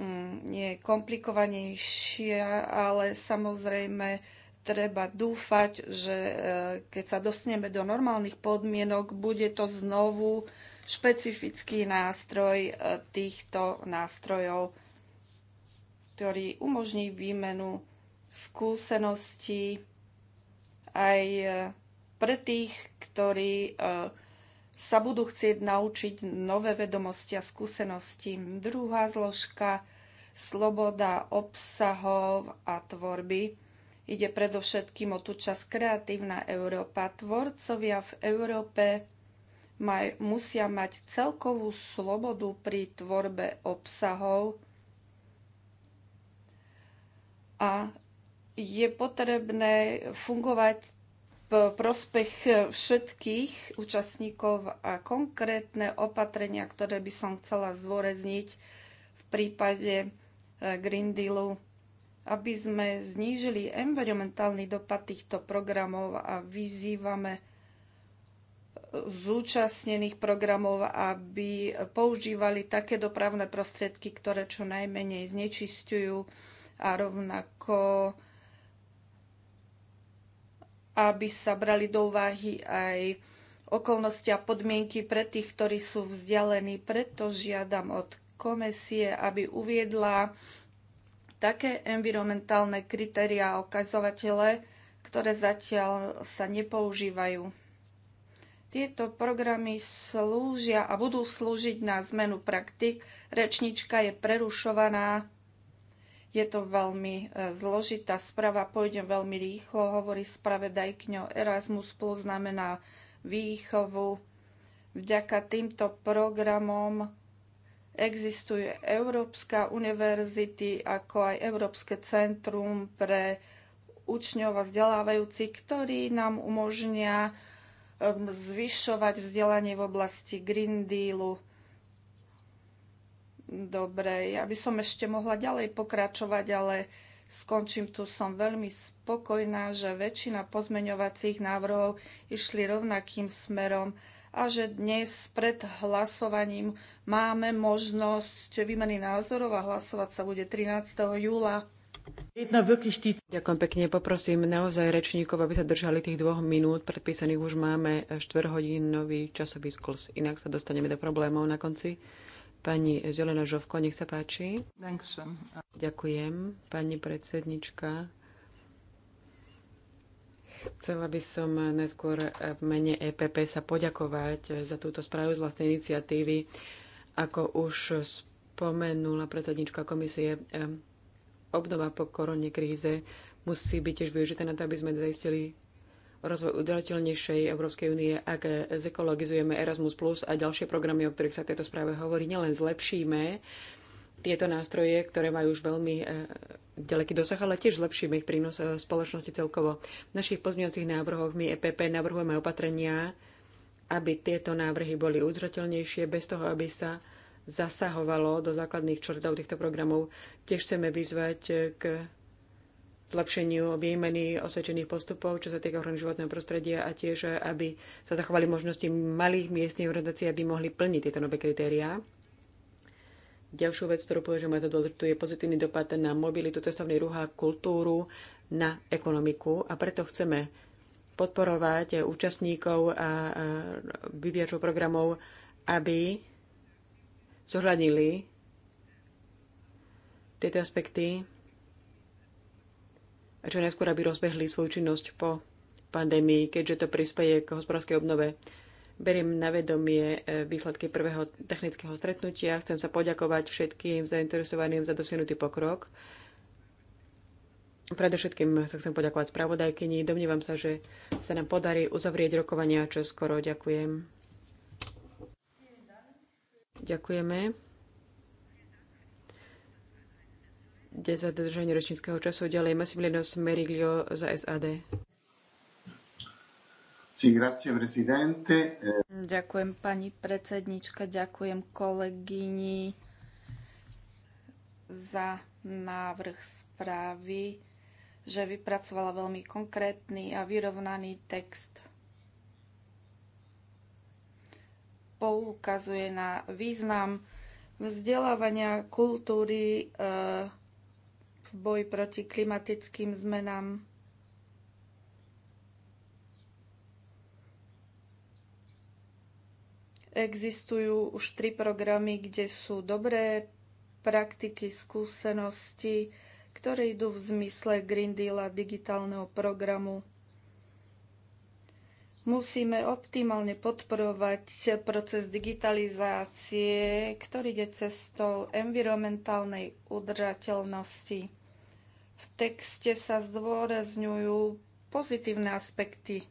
um, je komplikovanejšia, ale samozrejme treba dúfať, že uh, keď sa dostaneme do normálnych podmienok, bude to znovu špecifický nástroj e, týchto nástrojov, ktorý umožní výmenu skúseností aj e, pre tých, ktorí e, sa budú chcieť naučiť nové vedomosti a skúsenosti. Druhá zložka sloboda obsahov a tvorby. Ide predovšetkým o tú časť kreatívna Európa. Tvorcovia v Európe maj, musia mať celkovú slobodu pri tvorbe obsahov a je potrebné fungovať v prospech všetkých účastníkov a konkrétne opatrenia, ktoré by som chcela zdôrazniť v prípade e, Green Dealu, aby sme znížili environmentálny dopad týchto programov a vyzývame zúčastnených programov, aby používali také dopravné prostriedky, ktoré čo najmenej znečisťujú a rovnako aby sa brali do úvahy aj okolnosti a podmienky pre tých, ktorí sú vzdialení. Preto žiadam od komisie, aby uviedla také environmentálne kritériá okazovatele, ktoré zatiaľ sa nepoužívajú. Tieto programy slúžia a budú slúžiť na zmenu praktik. Rečnička je prerušovaná. Je to veľmi e, zložitá správa, pôjdem veľmi rýchlo, hovorí spravedajkňo. Erasmus Plus znamená výchovu. Vďaka týmto programom existuje Európska univerzity, ako aj Európske centrum pre učňov a vzdelávajúci, ktorí nám umožnia Um, zvyšovať vzdelanie v oblasti Green Dealu. Dobre, ja by som ešte mohla ďalej pokračovať, ale skončím tu. Som veľmi spokojná, že väčšina pozmeňovacích návrhov išli rovnakým smerom a že dnes pred hlasovaním máme možnosť výmeny názorov a hlasovať sa bude 13. júla. Ďakujem pekne. Poprosím naozaj rečníkov, aby sa držali tých dvoch minút. Predpísaných už máme štvrhodinový časový skurs. Inak sa dostaneme do problémov na konci. Pani Zelena Žovko, nech sa páči. Ďakujem, pani predsednička. Chcela by som neskôr v mene EPP sa poďakovať za túto správu z vlastnej iniciatívy. Ako už spomenula predsednička komisie, obnova po korone kríze musí byť tiež využitá na to, aby sme zaistili rozvoj udržateľnejšej Európskej únie, ak zekologizujeme Erasmus Plus a ďalšie programy, o ktorých sa v tejto správe hovorí, nielen zlepšíme tieto nástroje, ktoré majú už veľmi e, ďaleký dosah, ale tiež zlepšíme ich prínos e, spoločnosti celkovo. V našich pozmeňujúcich návrhoch my EPP navrhujeme opatrenia, aby tieto návrhy boli udržateľnejšie, bez toho, aby sa zasahovalo do základných črtov týchto programov. Tiež chceme vyzvať k zlepšeniu výmeny osvedčených postupov, čo sa týka ochrany životného prostredia a tiež, aby sa zachovali možnosti malých miestnych organizácií, aby mohli plniť tieto nové kritériá. Ďalšiu vec, ktorú považujeme za dôležitú, je pozitívny dopad na mobilitu, cestovný ruch a kultúru, na ekonomiku a preto chceme podporovať účastníkov a vyvíjačov programov, aby zohľadnili tieto aspekty a čo najskôr, aby rozbehli svoju činnosť po pandémii, keďže to prispieje k hospodárskej obnove. Beriem na vedomie e, výsledky prvého technického stretnutia. Chcem sa poďakovať všetkým zainteresovaným za dosiahnutý pokrok. Predovšetkým sa chcem poďakovať spravodajkyni. Domnívam sa, že sa nám podarí uzavrieť rokovania čo skoro. Ďakujem. Ďakujeme. Ide za dodržanie ročníckého času. Ďalej Massimiliano Smeriglio za SAD. Ďakujem pani predsednička, ďakujem kolegyni za návrh správy, že vypracovala veľmi konkrétny a vyrovnaný text poukazuje na význam vzdelávania kultúry e, v boji proti klimatickým zmenám. Existujú už tri programy, kde sú dobré praktiky, skúsenosti, ktoré idú v zmysle Green Deala digitálneho programu. Musíme optimálne podporovať proces digitalizácie, ktorý ide cestou environmentálnej udržateľnosti. V texte sa zdôrazňujú pozitívne aspekty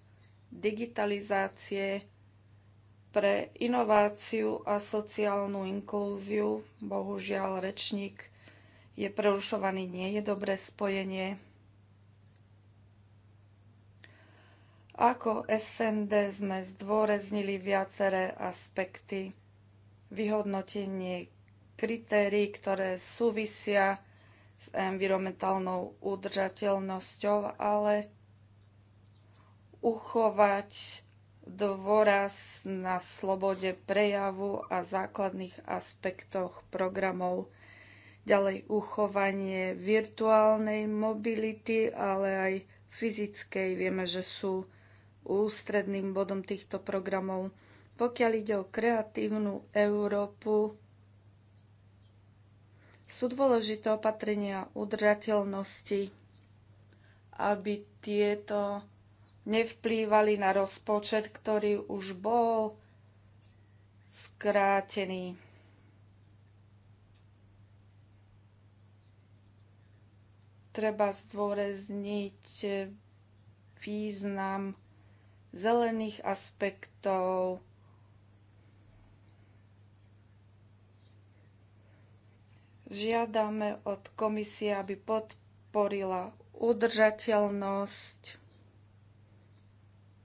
digitalizácie pre inováciu a sociálnu inklúziu. Bohužiaľ, rečník je prerušovaný, nie je dobré spojenie. Ako SND sme zdôreznili viaceré aspekty vyhodnotenie kritérií, ktoré súvisia s environmentálnou udržateľnosťou, ale uchovať dôraz na slobode prejavu a základných aspektoch programov, ďalej uchovanie virtuálnej mobility, ale aj fyzickej. Vieme, že sú ústredným bodom týchto programov. Pokiaľ ide o kreatívnu Európu, sú dôležité opatrenia udržateľnosti, aby tieto nevplývali na rozpočet, ktorý už bol skrátený. Treba zdôrazniť význam zelených aspektov, žiadame od komisie, aby podporila udržateľnosť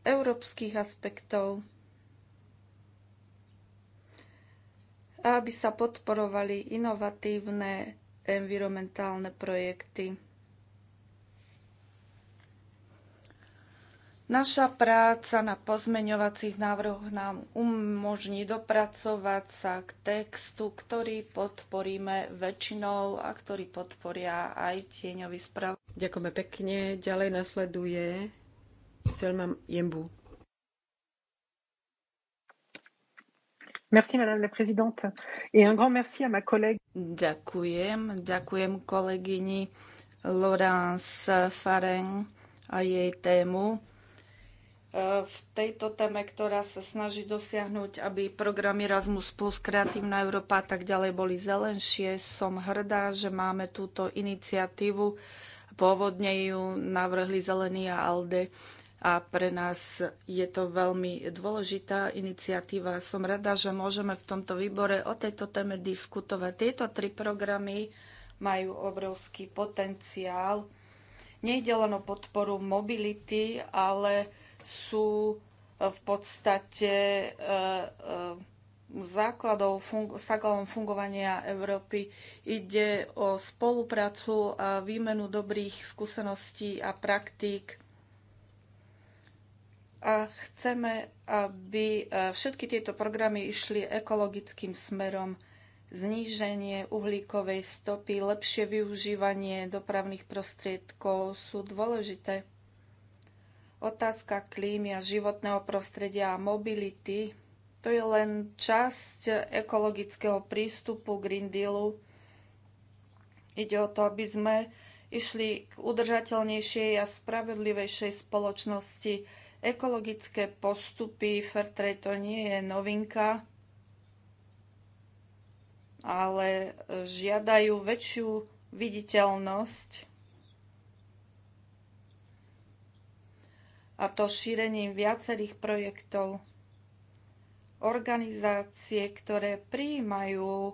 európskych aspektov a aby sa podporovali inovatívne environmentálne projekty. Naša práca na pozmeňovacích návrhoch nám umožní dopracovať sa k textu, ktorý podporíme väčšinou a ktorý podporia aj tieňový správ. Ďakujeme pekne. Ďalej nasleduje Selma Jembu. Merci, madame la présidente. Et un grand merci à ma collègue. Ďakujem, ďakujem kolegyni Laurence Faren a jej tému E, v tejto téme, ktorá sa snaží dosiahnuť, aby programy Erasmus plus Kreatívna Európa a tak ďalej boli zelenšie. Som hrdá, že máme túto iniciatívu. Pôvodne ju navrhli Zelení a Alde a pre nás je to veľmi dôležitá iniciatíva. Som rada, že môžeme v tomto výbore o tejto téme diskutovať. Tieto tri programy majú obrovský potenciál. Nejde len o podporu mobility, ale sú eh, v podstate eh, eh, základom, fungu, fungovania Európy. Ide o spoluprácu a výmenu dobrých skúseností a praktík. A chceme, aby všetky tieto programy išli ekologickým smerom. Zníženie uhlíkovej stopy, lepšie využívanie dopravných prostriedkov sú dôležité Otázka klímy a životného prostredia a mobility to je len časť ekologického prístupu Green Dealu. Ide o to, aby sme išli k udržateľnejšej a spravedlivejšej spoločnosti. Ekologické postupy Fairtrade to nie je novinka, ale žiadajú väčšiu viditeľnosť a to šírením viacerých projektov. Organizácie, ktoré prijímajú e,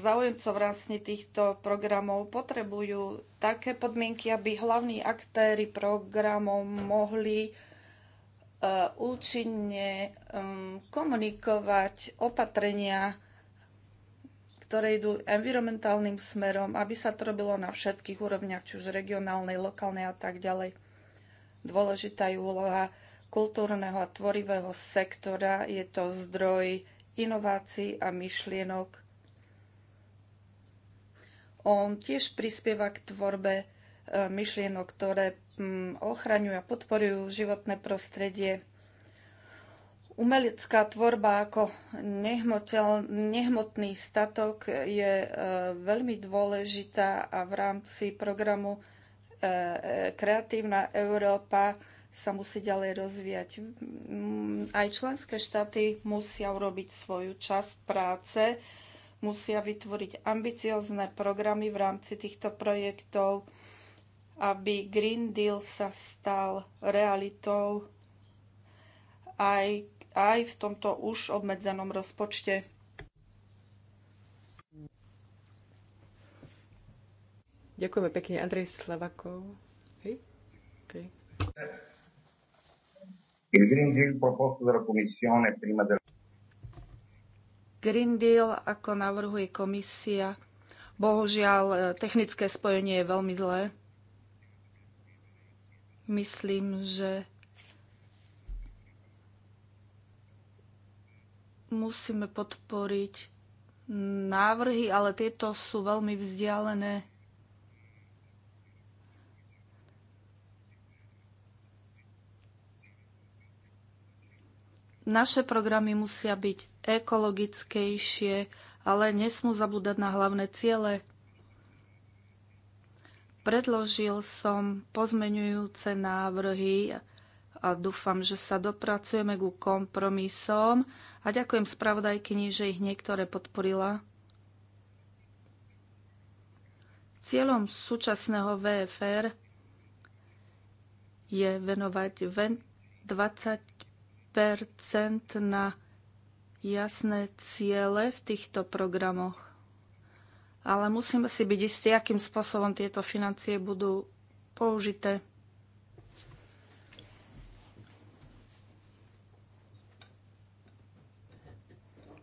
záujemcov vlastne týchto programov potrebujú také podmienky, aby hlavní aktéry programov mohli e, účinne komunikovať opatrenia, ktoré idú environmentálnym smerom, aby sa to robilo na všetkých úrovniach, či už regionálnej, lokálnej a tak ďalej. Dôležitá je úloha kultúrneho a tvorivého sektora. Je to zdroj inovácií a myšlienok. On tiež prispieva k tvorbe e, myšlienok, ktoré mm, ochraňujú a podporujú životné prostredie. Umelecká tvorba ako nehmotný statok je e, veľmi dôležitá a v rámci programu E, e, kreatívna Európa sa musí ďalej rozvíjať. Mm, aj členské štáty musia urobiť svoju časť práce, musia vytvoriť ambiciozne programy v rámci týchto projektov, aby Green Deal sa stal realitou aj, aj v tomto už obmedzenom rozpočte. Ďakujeme pekne, Andrej Slavakov. Hej? Okay. Il Green Deal proposto Commissione prima del... Green Deal, ako navrhuje komisia, bohužiaľ e, technické spojenie je veľmi zlé. Myslím, že musíme podporiť návrhy, ale tieto sú veľmi vzdialené Naše programy musia byť ekologickejšie, ale nesmú zabúdať na hlavné ciele. Predložil som pozmenujúce návrhy a dúfam, že sa dopracujeme ku kompromisom a ďakujem spravodajkyni, že ich niektoré podporila. Cieľom súčasného VFR je venovať 20 na jasné ciele v týchto programoch. Ale musíme si byť istí, akým spôsobom tieto financie budú použité.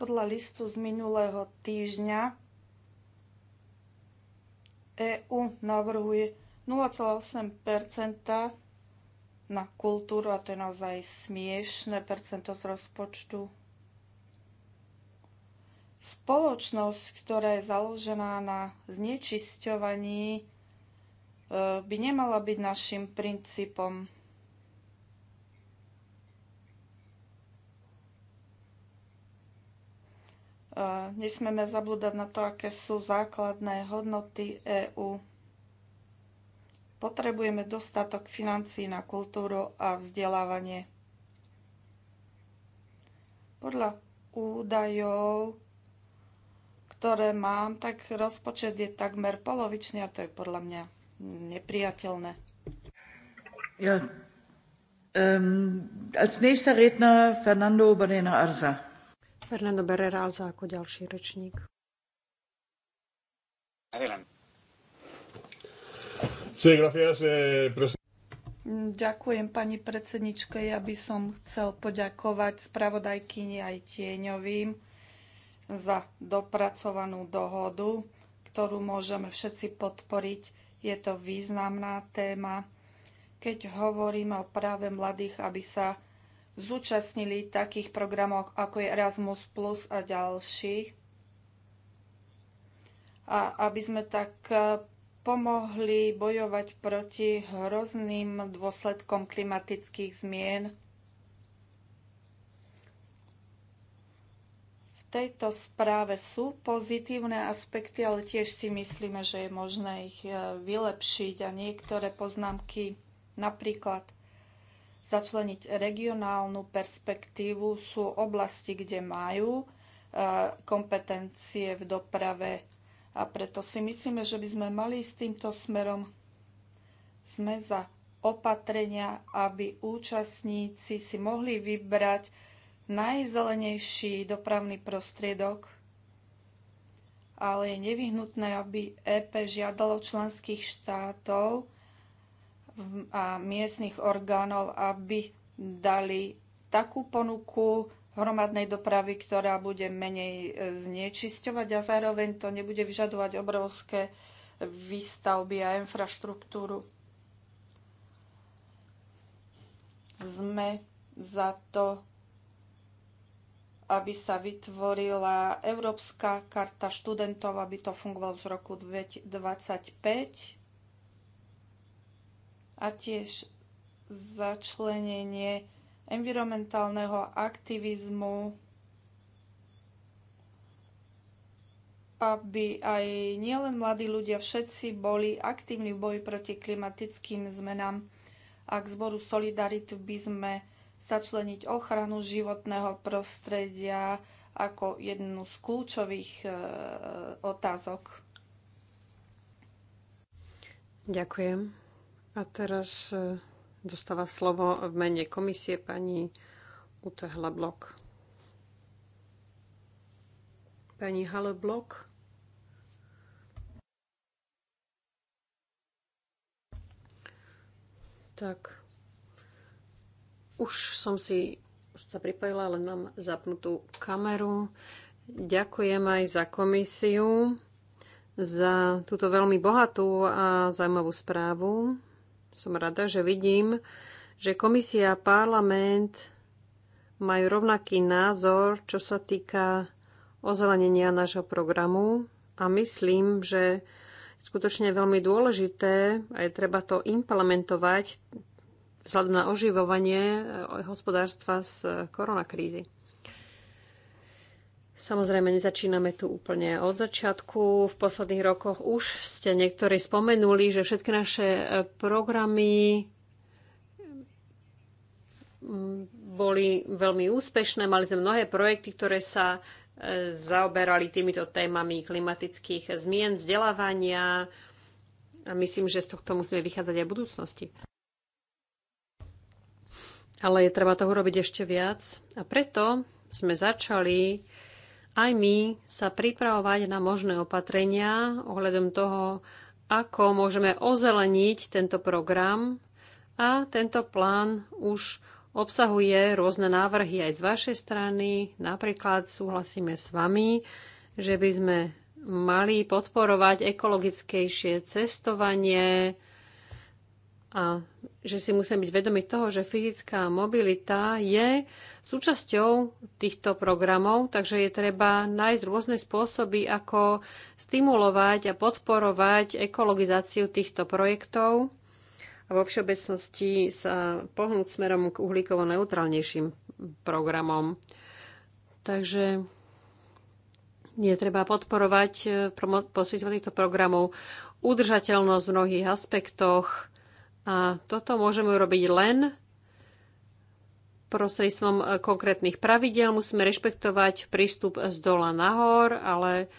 Podľa listu z minulého týždňa EÚ navrhuje 0,8 na kultúru a to je naozaj smiešne percento z rozpočtu. Spoločnosť, ktorá je založená na znečisťovaní, e, by nemala byť našim princípom. E, nesmieme zabúdať na to, aké sú základné hodnoty EÚ. Potrebujeme dostatok financí na kultúru a vzdelávanie. Podľa údajov, ktoré mám, tak rozpočet je takmer polovičný a to je podľa mňa nepriateľné. Ja. Um, als nächster Redner Fernando Barrera Arza. Fernando Barrera Arza ako ďalší rečník. Adelante. Sí, gracias, eh, Ďakujem pani predsedničke. Ja by som chcel poďakovať spravodajkyni aj tieňovým za dopracovanú dohodu, ktorú môžeme všetci podporiť. Je to významná téma. Keď hovoríme o práve mladých, aby sa zúčastnili takých programov, ako je Erasmus Plus a ďalších, a aby sme tak pomohli bojovať proti hrozným dôsledkom klimatických zmien. V tejto správe sú pozitívne aspekty, ale tiež si myslíme, že je možné ich e, vylepšiť a niektoré poznámky napríklad začleniť regionálnu perspektívu sú oblasti, kde majú e, kompetencie v doprave a preto si myslíme, že by sme mali s týmto smerom. Sme za opatrenia, aby účastníci si mohli vybrať najzelenejší dopravný prostriedok, ale je nevyhnutné, aby EP žiadalo členských štátov a miestnych orgánov, aby dali takú ponuku hromadnej dopravy, ktorá bude menej e, znečisťovať a zároveň to nebude vyžadovať obrovské výstavby a infraštruktúru. Sme za to, aby sa vytvorila Európska karta študentov, aby to fungovalo z roku 2025 a tiež začlenenie environmentálneho aktivizmu, aby aj nielen mladí ľudia, všetci boli aktívni v boji proti klimatickým zmenám a k zboru solidarity by sme začleniť ochranu životného prostredia ako jednu z kľúčových e, otázok. Ďakujem. A teraz e, dostáva slovo v mene komisie pani Ute Hleblok. Pani Hleblok. Tak. Už som si už sa pripojila, len mám zapnutú kameru. Ďakujem aj za komisiu, za túto veľmi bohatú a zaujímavú správu. Som rada, že vidím, že komisia a parlament majú rovnaký názor, čo sa týka ozelenenia nášho programu a myslím, že skutočne je veľmi dôležité a je treba to implementovať vzhľadom na oživovanie hospodárstva z koronakrízy. Samozrejme, nezačíname tu úplne od začiatku. V posledných rokoch už ste niektorí spomenuli, že všetky naše e, programy mm, boli veľmi úspešné. Mali sme mnohé projekty, ktoré sa e, zaoberali týmito témami klimatických zmien, vzdelávania a myslím, že z tohto musíme vychádzať aj v budúcnosti. Ale je treba toho robiť ešte viac a preto sme začali aj my sa pripravovať na možné opatrenia ohľadom toho, ako môžeme ozeleniť tento program. A tento plán už obsahuje rôzne návrhy aj z vašej strany. Napríklad súhlasíme s vami, že by sme mali podporovať ekologickejšie cestovanie, a že si musíme byť vedomi toho, že fyzická mobilita je súčasťou týchto programov, takže je treba nájsť rôzne spôsoby, ako stimulovať a podporovať ekologizáciu týchto projektov a vo všeobecnosti sa pohnúť smerom k uhlíkovo neutrálnejším programom. Takže je treba podporovať prostredníctvom týchto programov udržateľnosť v mnohých aspektoch, a toto môžeme urobiť len prostredstvom e, konkrétnych pravidel. Musíme rešpektovať prístup z dola nahor, ale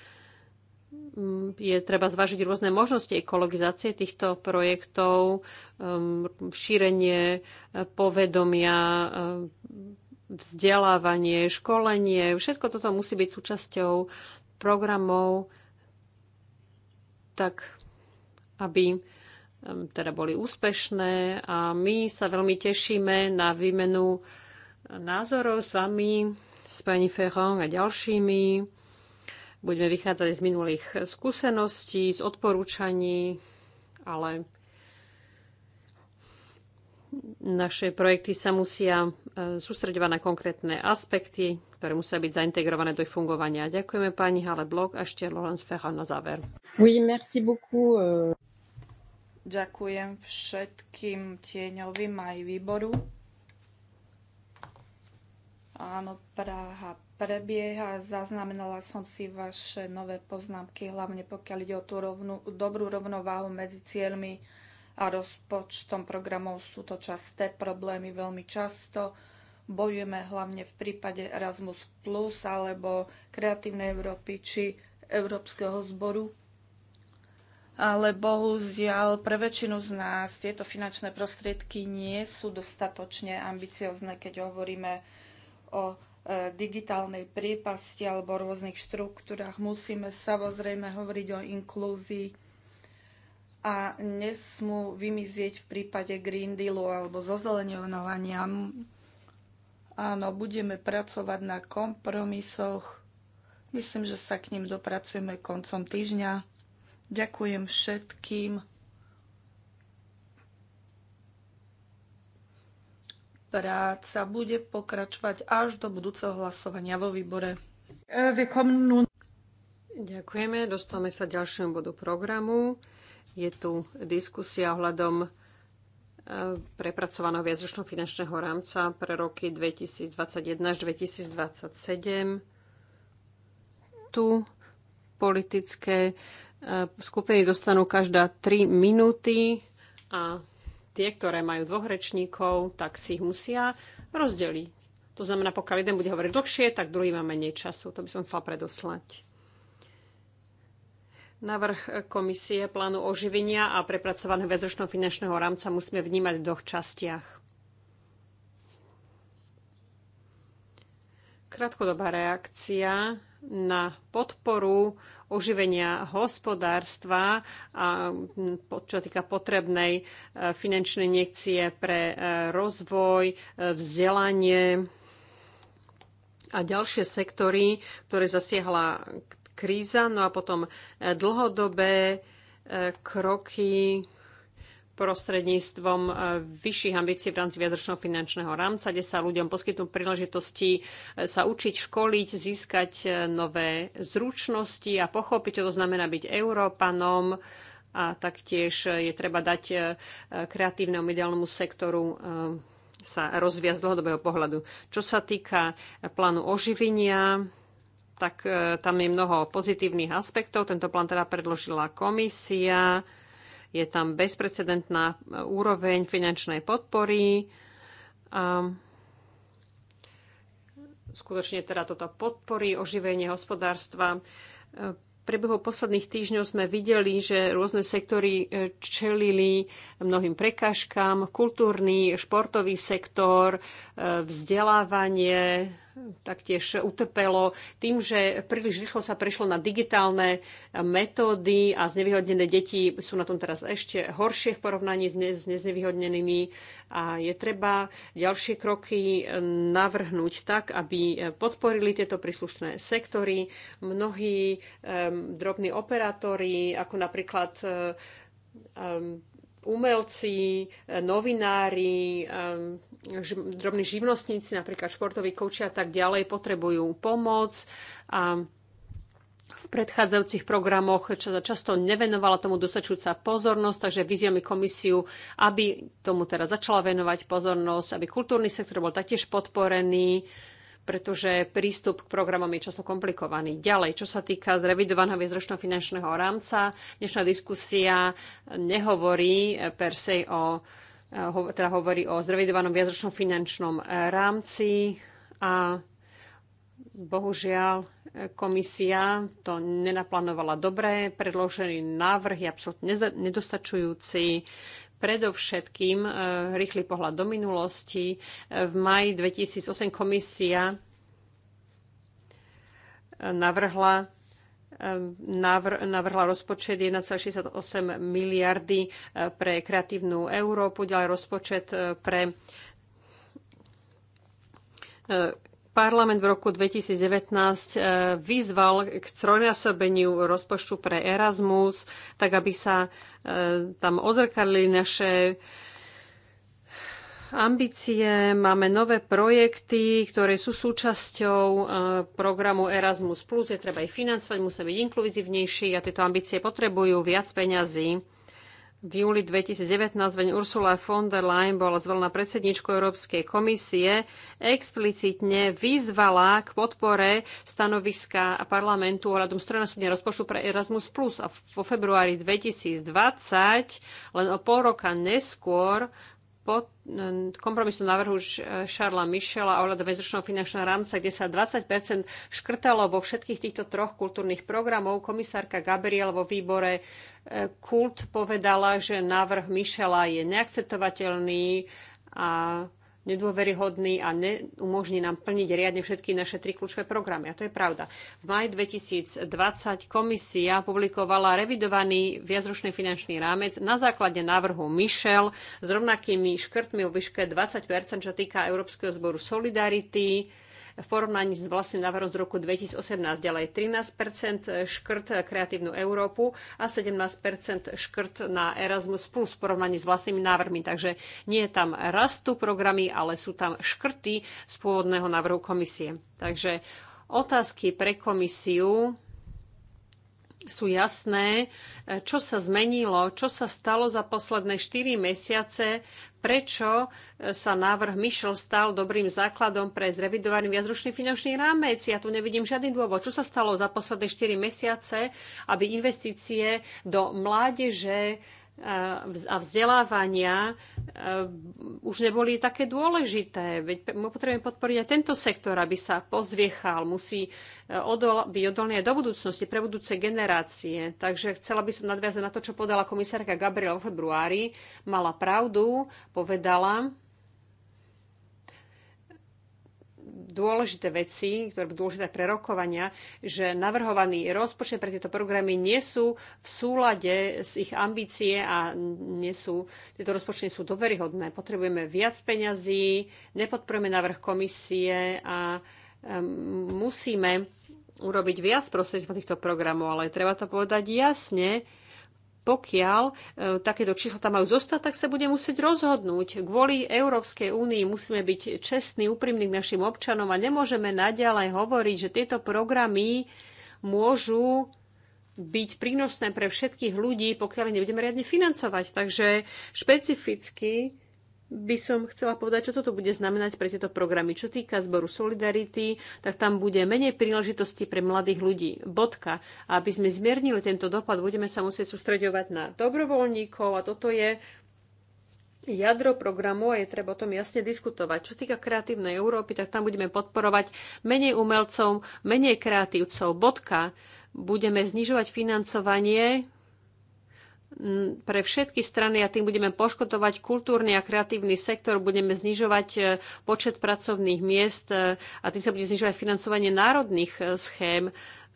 mm, je treba zvážiť rôzne možnosti ekologizácie týchto projektov, ehm, šírenie e, povedomia, e, vzdelávanie, školenie. Všetko toto musí byť súčasťou programov, tak aby teda boli úspešné a my sa veľmi tešíme na výmenu názorov s vami, s pani Ferrand a ďalšími. Budeme vychádzať z minulých skúseností, z odporúčaní, ale naše projekty sa musia e, sústredovať na konkrétne aspekty, ktoré musia byť zaintegrované do ich fungovania. Ďakujeme pani Hale Blok a ešte Laurence Ferrand na záver. Oui, merci beaucoup. Euh, Ďakujem všetkým tieňovým aj výboru. Áno, Praha prebieha. Zaznamenala som si vaše nové poznámky, hlavne pokiaľ ide o tú rovnú, dobrú rovnováhu medzi cieľmi a rozpočtom programov. Sú to časté problémy veľmi často. Bojujeme hlavne v prípade Erasmus Plus alebo Kreatívnej Európy či Európskeho zboru ale bohužiaľ pre väčšinu z nás tieto finančné prostriedky nie sú dostatočne ambiciozne, keď hovoríme o e, digitálnej priepasti alebo rôznych štruktúrach. Musíme samozrejme hovoriť o inklúzii a nesmú vymizieť v prípade Green Dealu alebo zozeleniovania. Áno, budeme pracovať na kompromisoch. Myslím, že sa k ním dopracujeme koncom týždňa. Ďakujem všetkým. Práca bude pokračovať až do budúceho hlasovania vo výbore. Ďakujeme. Dostávame sa ďalšiemu bodu programu. Je tu diskusia ohľadom e, prepracovaného viacročného finančného rámca pre roky 2021 až 2027. Tu politické E, skupiny dostanú každá 3 minúty a tie, ktoré majú dvoch rečníkov, tak si ich musia rozdeliť. To znamená, pokiaľ jeden bude hovoriť dlhšie, tak druhý má menej času. To by som chcela predoslať. Navrh komisie plánu oživenia a prepracovaného väzročného finančného rámca musíme vnímať v dvoch častiach. Krátkodobá reakcia na podporu oživenia hospodárstva a mm, čo týka potrebnej e, finančnej injekcie pre e, rozvoj, e, vzdelanie a ďalšie sektory, ktoré zasiahla kríza. No a potom dlhodobé kroky prostredníctvom e, vyšších ambícií v rámci viadročného finančného rámca, kde sa ľuďom poskytnú príležitosti e, sa učiť, školiť, získať e, nové zručnosti a pochopiť, čo to znamená byť Európanom. A taktiež je treba dať kreatívnemu ideálnemu sektoru sa rozviať z dlhodobého pohľadu. Čo sa týka plánu oživenia, tak tam je mnoho pozitívnych aspektov. Tento plán teda predložila komisia. Je tam bezprecedentná e, úroveň finančnej podpory. A skutočne teda toto podporí oživenie hospodárstva. E, Prebehu posledných týždňov sme videli, že rôzne sektory e, čelili mnohým prekážkam. Kultúrny, športový sektor, vzdelávanie, taktiež utrpelo tým, že príliš rýchlo sa prešlo na digitálne metódy a znevýhodnené deti sú na tom teraz ešte horšie v porovnaní s, neznevýhodnenými a je treba ďalšie kroky navrhnúť tak, aby podporili tieto príslušné sektory. Mnohí um, drobní operátori, ako napríklad um, umelci, novinári, um, drobní živnostníci, napríklad športoví kouči a tak ďalej, potrebujú pomoc a v predchádzajúcich programoch často nevenovala tomu dosačujúca pozornosť, takže vyzývame komisiu, aby tomu teraz začala venovať pozornosť, aby kultúrny sektor bol taktiež podporený, pretože prístup k programom je často komplikovaný. Ďalej, čo sa týka zrevidovaného viezročno finančného rámca, dnešná diskusia nehovorí per se o Eh, teda hovorí o zrevidovanom viacročnom finančnom eh, rámci a bohužiaľ eh, komisia to nenaplánovala dobre, predložený návrh je absolútne nedostačujúci, predovšetkým rýchly pohľad do minulosti. V maji 2008 komisia navrhla Navr navrhla rozpočet 1,68 miliardy eh, pre kreatívnu Európu, ďalej rozpočet eh, pre eh, Parlament v roku 2019 vyzval k trojnásobeniu rozpočtu pre Erasmus, tak aby sa tam odzrkadli naše ambície, máme nové projekty, ktoré sú súčasťou e, programu Erasmus+, plus. je treba ich financovať, musíme byť inkluzívnejší a tieto ambície potrebujú viac peňazí. V júli 2019 veň Ursula von der Leyen bola zvolená predsedničkou Európskej komisie, explicitne vyzvala k podpore stanoviska parlamentu ohľadom strojnásobne rozpočtu pre Erasmus+. plus A vo februári 2020, len o pol roka neskôr, po kompromisnom návrhu Šarla Michela ohľadom väzročného finančného rámca, kde sa 20 škrtalo vo všetkých týchto troch kultúrnych programov. Komisárka Gabriel vo výbore e, Kult povedala, že návrh Michela je neakceptovateľný a nedôveryhodný a neumožní nám plniť riadne všetky naše tri kľúčové programy. A to je pravda. V maj 2020 komisia publikovala revidovaný viacročný finančný rámec na základe návrhu Michel s rovnakými škrtmi o výške 20 čo týka Európskeho zboru Solidarity, v porovnaní s vlastným návrhom z roku 2018 ďalej 13 škrt kreatívnu Európu a 17 škrt na Erasmus Plus v porovnaní s vlastnými návrhmi. Takže nie je tam rastu programy, ale sú tam škrty z pôvodného návrhu komisie. Takže otázky pre komisiu sú jasné, e, čo sa zmenilo, čo sa stalo za posledné 4 mesiace, prečo e, sa návrh Michel stal dobrým základom pre zrevidovaný viacročný finančný rámec. Ja tu nevidím žiadny dôvod, čo sa stalo za posledné 4 mesiace, aby investície do mládeže, a vzdelávania e, už neboli také dôležité. Veď potrebujeme podporiť aj tento sektor, aby sa pozviechal, musí e, odol- byť odolný aj do budúcnosti, pre budúce generácie. Takže chcela by som nadviazať na to, čo podala komisárka Gabriel v februári. Mala pravdu, povedala, dôležité veci, ktoré budú dôležité pre rokovania, že navrhovaný rozpočet pre tieto programy nie sú v súlade s ich ambície a nie sú, tieto rozpočty sú doveryhodné. Potrebujeme viac peňazí, nepodporujeme návrh komisie a um, musíme urobiť viac prostredníctvom týchto programov, ale treba to povedať jasne, pokiaľ e, takéto číslo tam majú zostať, tak sa bude musieť rozhodnúť. Kvôli Európskej únii musíme byť čestní, úprimní k našim občanom a nemôžeme naďalej hovoriť, že tieto programy môžu byť prínosné pre všetkých ľudí, pokiaľ nebudeme riadne financovať. Takže špecificky by som chcela povedať, čo toto bude znamenať pre tieto programy. Čo týka zboru Solidarity, tak tam bude menej príležitostí pre mladých ľudí. Bodka. aby sme zmiernili tento dopad, budeme sa musieť sústreďovať na dobrovoľníkov a toto je jadro programu a je treba o tom jasne diskutovať. Čo týka kreatívnej Európy, tak tam budeme podporovať menej umelcov, menej kreatívcov. Bodka. Budeme znižovať financovanie pre všetky strany a tým budeme poškodovať kultúrny a kreatívny sektor, budeme znižovať e, počet pracovných miest e, a tým sa bude znižovať financovanie národných e, schém.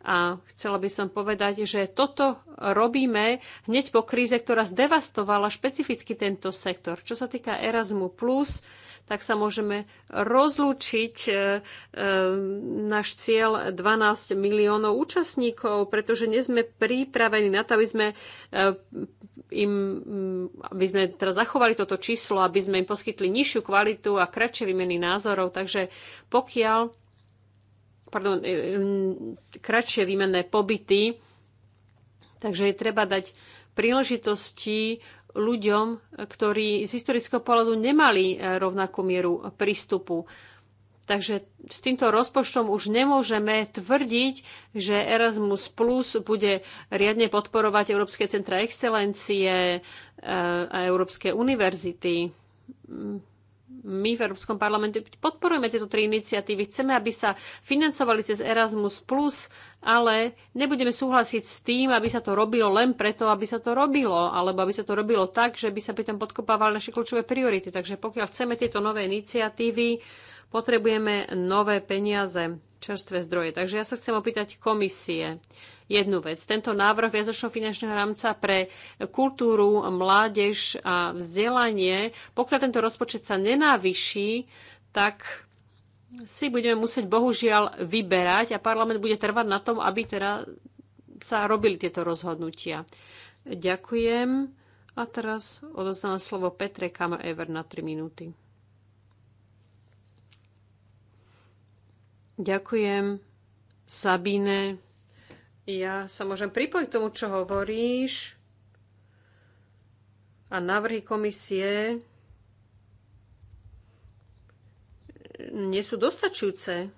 A chcela by som povedať, že toto robíme hneď po kríze, ktorá zdevastovala špecificky tento sektor. Čo sa týka Erasmu+, tak sa môžeme rozlúčiť e, e, náš cieľ 12 miliónov účastníkov, pretože nie sme pripravení na to, aby sme e, im, aby sme teraz zachovali toto číslo, aby sme im poskytli nižšiu kvalitu a kratšie výmeny názorov. Takže pokiaľ pardon, kratšie výmenné pobyty, takže je treba dať príležitosti ľuďom, ktorí z historického pohľadu nemali e, rovnakú mieru prístupu. Takže s týmto rozpočtom už nemôžeme tvrdiť, že Erasmus Plus bude riadne podporovať Európske centra excelencie e, a Európske univerzity mm, my v Európskom parlamente podporujeme tieto tri iniciatívy. Chceme, aby sa financovali cez Erasmus+, ale nebudeme súhlasiť s tým, aby sa to robilo len preto, aby sa to robilo, alebo aby sa to robilo tak, že by sa pritom podkopávali naše kľúčové priority. Takže pokiaľ chceme tieto nové iniciatívy, potrebujeme nové peniaze, čerstvé zdroje. Takže ja sa chcem opýtať komisie jednu vec. Tento návrh viacročného finančného rámca pre kultúru, mládež a vzdelanie, pokiaľ tento rozpočet sa nenávyší, tak si budeme musieť bohužiaľ vyberať a parlament bude trvať na tom, aby teda sa robili tieto rozhodnutia. Ďakujem. A teraz odozdávam slovo Petre Kamer-Ever na 3 minúty. Ďakujem, Sabine. Ja sa môžem pripojiť k tomu, čo hovoríš. A návrhy komisie nie sú dostačujúce.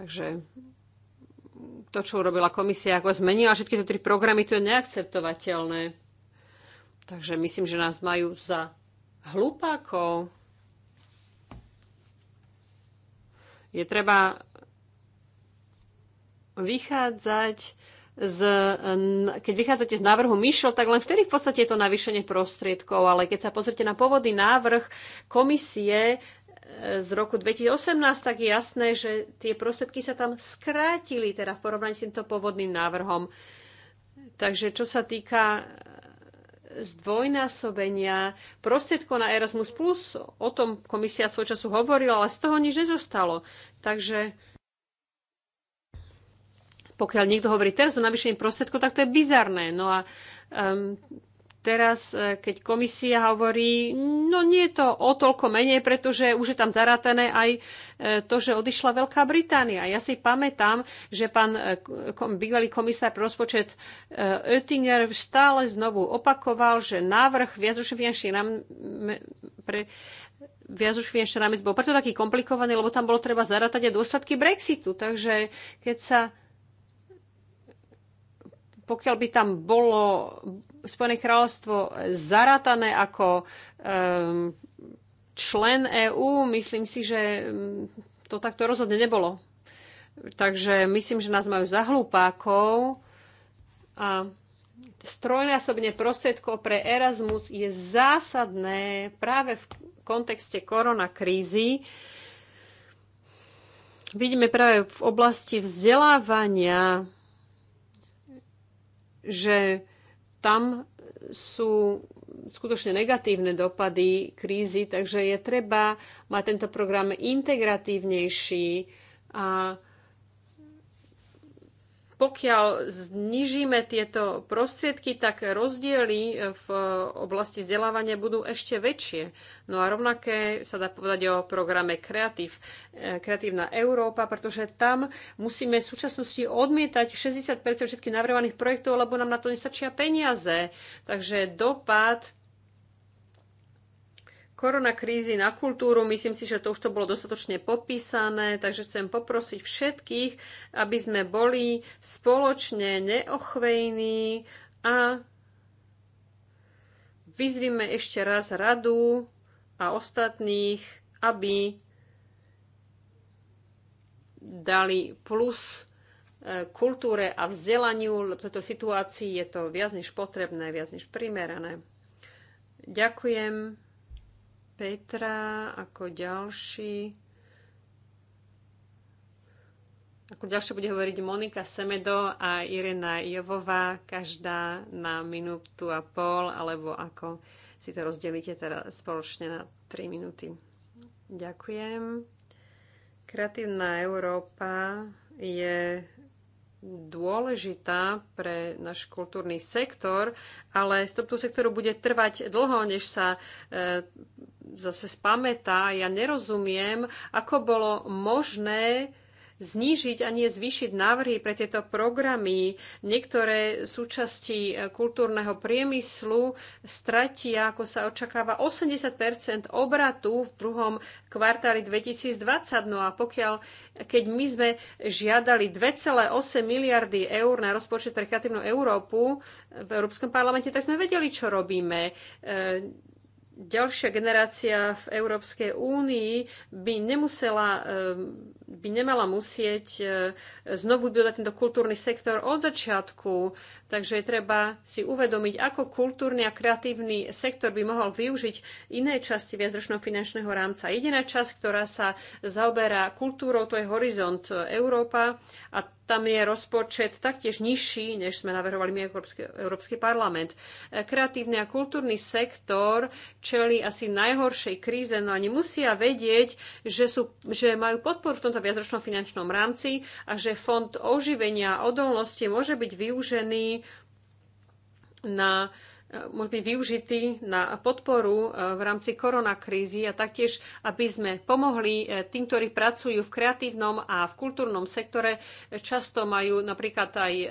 Takže to, čo urobila komisia, ako zmenila všetky tie tri programy, to je neakceptovateľné. Takže myslím, že nás majú za hlupákov. Je treba vychádzať z, keď vychádzate z návrhu myšl, tak len vtedy v podstate je to navýšenie prostriedkov, ale keď sa pozrite na pôvodný návrh komisie e, z roku 2018, tak je jasné, že tie prostriedky sa tam skrátili, teda v porovnaní s týmto pôvodným návrhom. Takže čo sa týka zdvojnásobenia prostriedkov na Erasmus+. Plus. O tom komisia svoj času hovorila, ale z toho nič nezostalo. Takže pokiaľ niekto hovorí teraz o navýšení prostriedkov, tak to je bizarné. No a um, Teraz, e, keď komisia hovorí, no nie je to o toľko menej, pretože už je tam zarátané aj e, to, že odišla Veľká Británia. Ja si pamätám, že pán e, bývalý komisár pre rozpočet Oettinger stále znovu opakoval, že návrh viacročných finančných pre finančný rámec bol preto taký komplikovaný, lebo tam bolo treba zaratať aj dôsledky Brexitu. Takže keď sa pokiaľ by tam bolo, Spojené kráľovstvo zaratané ako um, člen EÚ, myslím si, že mm, to takto rozhodne nebolo. Takže myslím, že nás majú za hlupákov a strojnásobne prostriedko pre Erasmus je zásadné práve v kontexte koronakrízy. Vidíme práve v oblasti vzdelávania, že tam sú skutočne negatívne dopady krízy, takže je treba mať tento program integratívnejší a pokiaľ znižíme tieto prostriedky, tak rozdiely eh, v oblasti vzdelávania budú ešte väčšie. No a rovnaké sa dá povedať o programe Kreatív, eh, Kreatívna Európa, pretože tam musíme v súčasnosti odmietať 60 všetkých navrhovaných projektov, lebo nám na to nestačia peniaze. Takže dopad korona krízy na kultúru. Myslím si, že to už to bolo dostatočne popísané, takže chcem poprosiť všetkých, aby sme boli spoločne neochvejní a vyzvime ešte raz radu a ostatných, aby dali plus e, kultúre a vzdelaniu. V tejto situácii je to viac než potrebné, viac než primerané. Ďakujem. Petra ako ďalší. Ako ďalšie bude hovoriť Monika Semedo a Irena Jovová, každá na minútu a pol, alebo ako si to rozdelíte teda spoločne na 3 minúty. Ďakujem. Kreatívna Európa je dôležitá pre náš kultúrny sektor, ale tohto sektoru bude trvať dlho, než sa e, zase spamätá. Ja nerozumiem, ako bolo možné znížiť a nie zvýšiť návrhy pre tieto programy. Niektoré súčasti e, kultúrneho priemyslu stratia, ako sa očakáva, 80 obratu v druhom kvartáli 2020. No a pokiaľ, keď my sme žiadali 2,8 miliardy eur na rozpočet pre kreatívnu Európu v Európskom parlamente, tak sme vedeli, čo robíme. E ďalšia generácia v Európskej únii by nemusela, eh, by nemala musieť eh, znovu budovať tento kultúrny sektor od začiatku. Takže je treba si uvedomiť, ako kultúrny a kreatívny sektor by mohol využiť iné časti viacročného finančného rámca. Jediná časť, ktorá sa zaoberá kultúrou, to je Horizont Európa a tam je rozpočet taktiež nižší, než sme navrhovali my Európsky, Európsky parlament. E, kreatívny a kultúrny sektor čeli asi najhoršej kríze, no ani musia vedieť, že, sú, že majú podporu v tomto viacročnom finančnom rámci a že fond oživenia a odolnosti môže byť využený na uh, môže byť využitý na podporu e, v rámci koronakrízy a taktiež, aby sme pomohli e, tým, ktorí pracujú v kreatívnom a v kultúrnom sektore. Často majú napríklad aj e,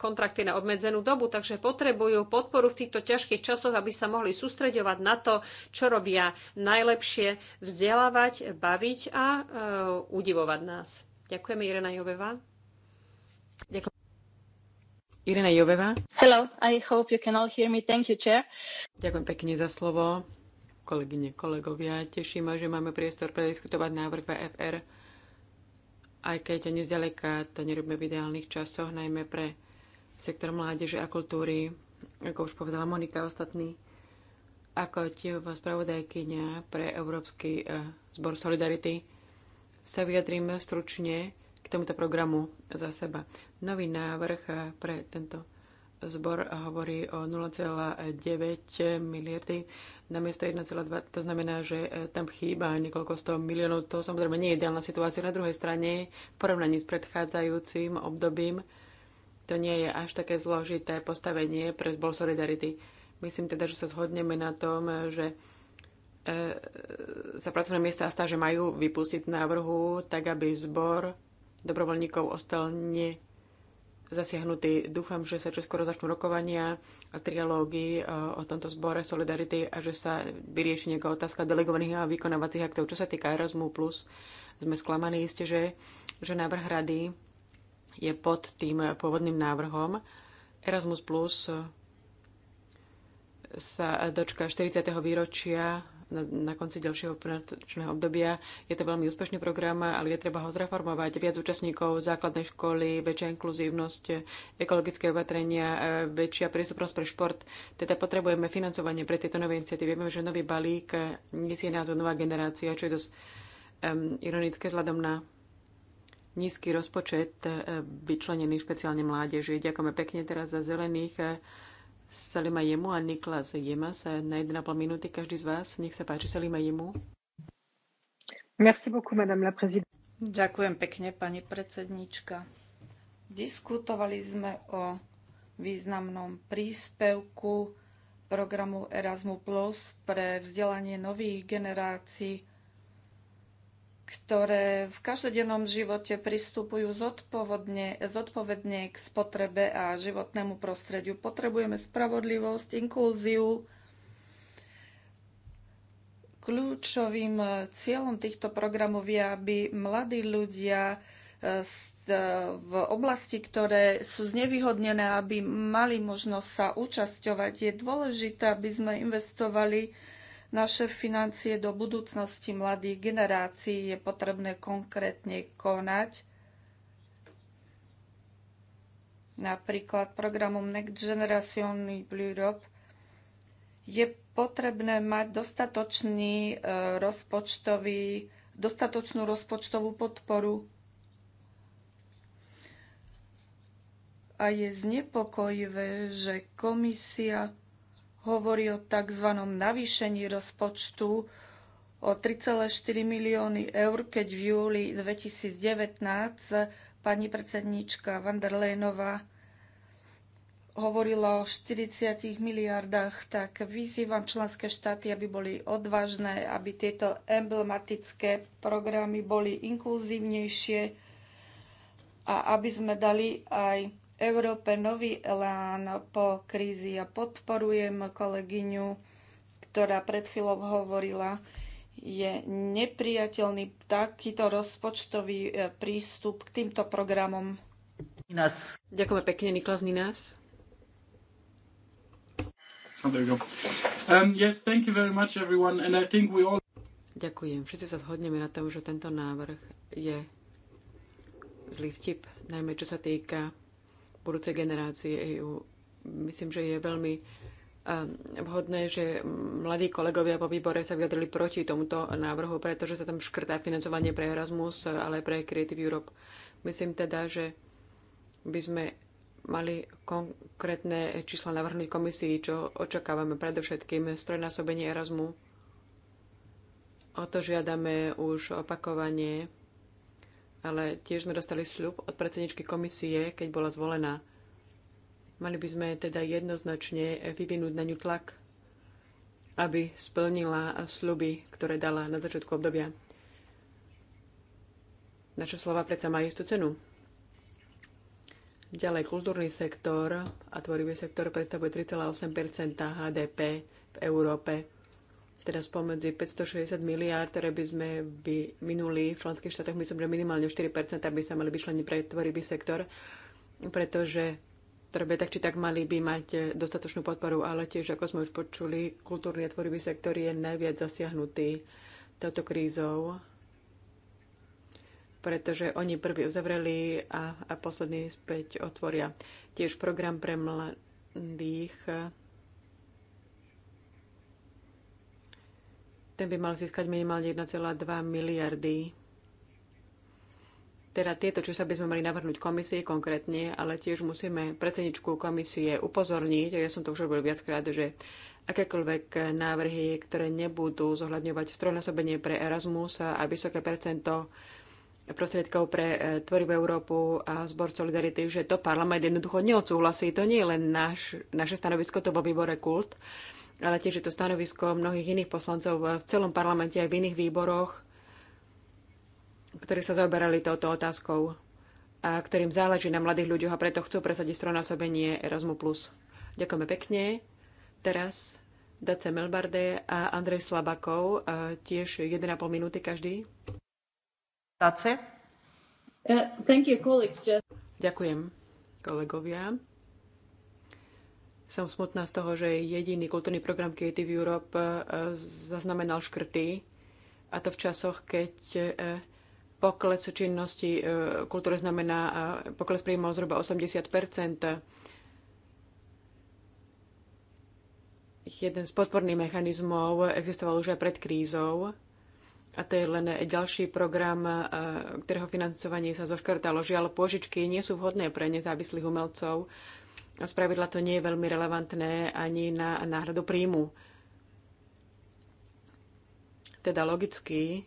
kontrakty na obmedzenú dobu, takže potrebujú podporu v týchto ťažkých časoch, aby sa mohli sústreďovať na to, čo robia najlepšie, vzdelávať, baviť a udivovať nás. Ďakujeme, Irena Joveva. Ďakujem Irena Joveva. Hello, I hope you can all hear me. Thank you, chair. Ďakujem pekne za slovo. Kolegyne, kolegovia, teší ma, že máme priestor prediskutovať návrh VFR, aj keď ani zďaleka to nerobíme v ideálnych časoch, najmä pre sektor mládeže a kultúry, ako už povedala Monika ostatný. ako tiež spravodajkynia pre Európsky eh, zbor Solidarity, sa vyjadrím stručne tomuto programu za seba. Nový návrh pre tento zbor hovorí o 0,9 miliardy na miesto 1,2. To znamená, že e, tam chýba niekoľko 100 miliónov. To samozrejme nie je ideálna situácia. Na druhej strane, v porovnaní s predchádzajúcim obdobím, to nie je až také zložité postavenie pre zbor Solidarity. Myslím teda, že sa zhodneme na tom, že e, e, sa pracovné miesta stá, že majú vypustiť návrhu, tak aby zbor dobrovoľníkov ostal ne zasiahnutý. Dúfam, že sa čoskoro začnú rokovania a trialógy e, o tomto zbore Solidarity a že sa vyrieši nejaká otázka delegovaných a vykonávacích aktov. Čo sa týka Erasmu+, sme sklamaní iste, že, že návrh rady je pod tým pôvodným návrhom. Erasmus Plus sa dočka 40. výročia na, na konci ďalšieho finančného obdobia. Je to veľmi úspešný program, ale je treba ho zreformovať. Viac účastníkov základnej školy, väčšia inkluzívnosť, ekologické opatrenia, e, väčšia prístupnosť pre šport. Teda potrebujeme financovanie pre tieto nové iniciatívy. Vieme, že nový balík nesie názov Nová generácia, čo je dosť um, ironické vzhľadom na nízky rozpočet e, vyčlenený špeciálne mládeži. Ďakujeme pekne teraz za zelených e, Salima Jemu a Niklas sa na 1,5 minúty. Každý z vás, nech sa páči, Salima Jemu. Merci beaucoup, madame la présidente. Ďakujem pekne, pani predsednička. Diskutovali sme o významnom príspevku programu Erasmus Plus pre vzdelanie nových generácií ktoré v každodennom živote pristupujú zodpovedne, zodpovedne k spotrebe a životnému prostrediu. Potrebujeme spravodlivosť, inklúziu. Kľúčovým cieľom týchto programov je, aby mladí ľudia eh, eh, v oblasti, ktoré sú znevýhodnené, aby mali možnosť sa účasťovať. Je dôležité, aby sme investovali naše financie do budúcnosti mladých generácií je potrebné konkrétne konať. Napríklad programom Next Generation Europe je potrebné mať dostatočný e, rozpočtový, dostatočnú rozpočtovú podporu. A je znepokojivé, že komisia hovorí o tzv. navýšení rozpočtu o 3,4 milióny eur, keď v júli 2019 pani predsedníčka van der Leyenová hovorila o 40 miliardách, tak vyzývam členské štáty, aby boli odvážne, aby tieto emblematické programy boli inkluzívnejšie a aby sme dali aj Európe nový elán po krízi. a podporujem kolegyňu, ktorá pred chvíľou hovorila, je nepriateľný takýto rozpočtový e, prístup k týmto programom. Nás. Ďakujeme pekne, Niklas Ninás. Oh, um, Ďakujem. Všetci sa zhodneme na tom, že tento návrh je zlý vtip, najmä čo sa týka budúcej generácie EU. Myslím, že je veľmi ehm, vhodné, že mladí kolegovia po výbore sa vyjadrili proti tomuto návrhu, pretože sa tam škrtá financovanie pre Erasmus, ale pre Creative Europe. Myslím teda, že by sme mali konkrétne čísla navrhnúť komisii, čo očakávame predovšetkým strojnásobenie Erasmu. O to žiadame už opakovanie ale tiež sme dostali sľub od predsedničky komisie, keď bola zvolená. Mali by sme teda jednoznačne vyvinúť na ňu tlak, aby splnila sľuby, ktoré dala na začiatku obdobia. Naše slova predsa majú istú cenu. Ďalej, kultúrny sektor a tvorivý sektor predstavuje 3,8 HDP v Európe teda spomedzi 560 miliárd, ktoré by sme by minuli v členských štátoch, myslím, že minimálne 4 by sa mali vyčleniť pre tvorivý sektor, pretože ktoré by tak či tak mali by mať dostatočnú podporu, ale tiež, ako sme už počuli, kultúrny a tvorivý sektor je najviac zasiahnutý touto krízou, pretože oni prvý uzavreli a, a posledný späť otvoria. Tiež program pre mladých ten by mal získať minimálne 1,2 miliardy. Teda tieto čísla by sme mali navrhnúť komisii konkrétne, ale tiež musíme predsedničku komisie upozorniť, a ja som to už robil viackrát, že akékoľvek návrhy, ktoré nebudú zohľadňovať strojnásobenie pre Erasmus a vysoké percento prostriedkov pre e, Tvorivú Európu a Zbor Solidarity, že to parlament jednoducho neodsúhlasí. To nie je len naš, naše stanovisko, to vo výbore Kult, ale tiež je to stanovisko mnohých iných poslancov v celom parlamente aj v iných výboroch, ktorí sa zaoberali touto otázkou a ktorým záleží na mladých ľuďoch a preto chcú presadiť stronásobenie Erasmus+. Ďakujeme pekne. Teraz Dace Melbarde a Andrej Slabakov, tiež 1,5 minúty každý. Dace. Uh, you, Ďakujem, kolegovia. Som smutná z toho, že jediný kultúrny program Creative Europe e, zaznamenal škrty, a to v časoch, keď e, pokles činnosti e, kultúre znamená pokles príjmov zhruba 80 Jeden z podporných mechanizmov existoval už aj pred krízou a to je len ďalší program, ktorého financovanie sa zoškrtalo. Žiaľ, pôžičky nie sú vhodné pre nezávislých umelcov Spravidla to nie je veľmi relevantné ani na náhradu príjmu. Teda logicky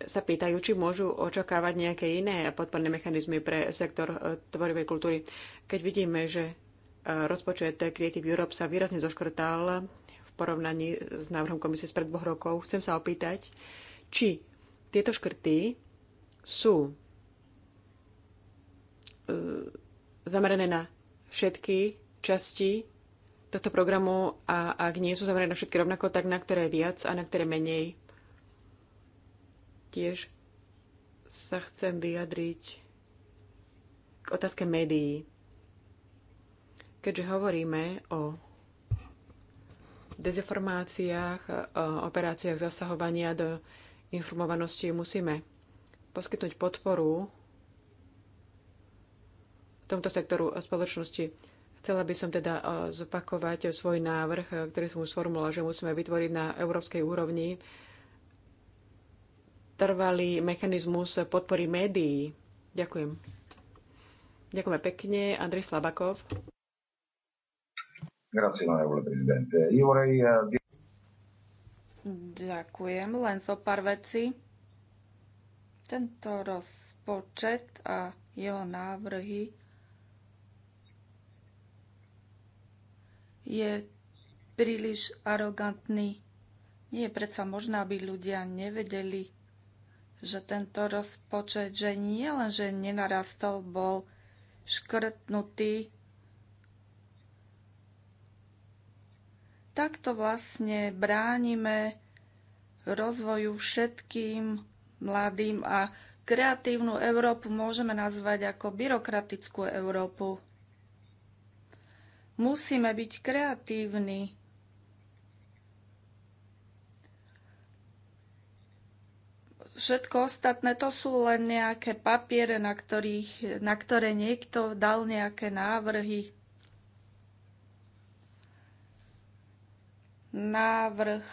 sa pýtajú, či môžu očakávať nejaké iné podporné mechanizmy pre sektor e, tvorivej kultúry. Keď vidíme, že e, rozpočet Creative Europe sa výrazne zoškrtal v porovnaní s návrhom komisie pred dvoch rokov, chcem sa opýtať, či tieto škrty sú e, zamerané na všetky časti tohto programu a ak nie sú zamerané na všetky rovnako, tak na ktoré viac a na ktoré menej. Tiež sa chcem vyjadriť k otázke médií. Keďže hovoríme o dezinformáciách, o operáciách zasahovania do informovanosti, musíme poskytnúť podporu v tomto sektoru spoločnosti. Chcela by som teda e, zopakovať svoj návrh, e, ktorý som už sformulovala, že musíme vytvoriť na európskej úrovni trvalý mechanizmus podpory médií. Ďakujem. Ďakujeme pekne. Andrej Slabakov. Eh, Ďakujem, len zo so pár vecí. Tento rozpočet a jeho návrhy je príliš arogantný. Nie je predsa možné, aby ľudia nevedeli, že tento rozpočet, že nie len, že nenarastol, bol škrtnutý. Takto vlastne bránime rozvoju všetkým mladým a kreatívnu Európu môžeme nazvať ako byrokratickú Európu. Musíme byť kreatívni. Všetko ostatné to sú len nejaké papiere, na, ktorých, na ktoré niekto dal nejaké návrhy. Návrh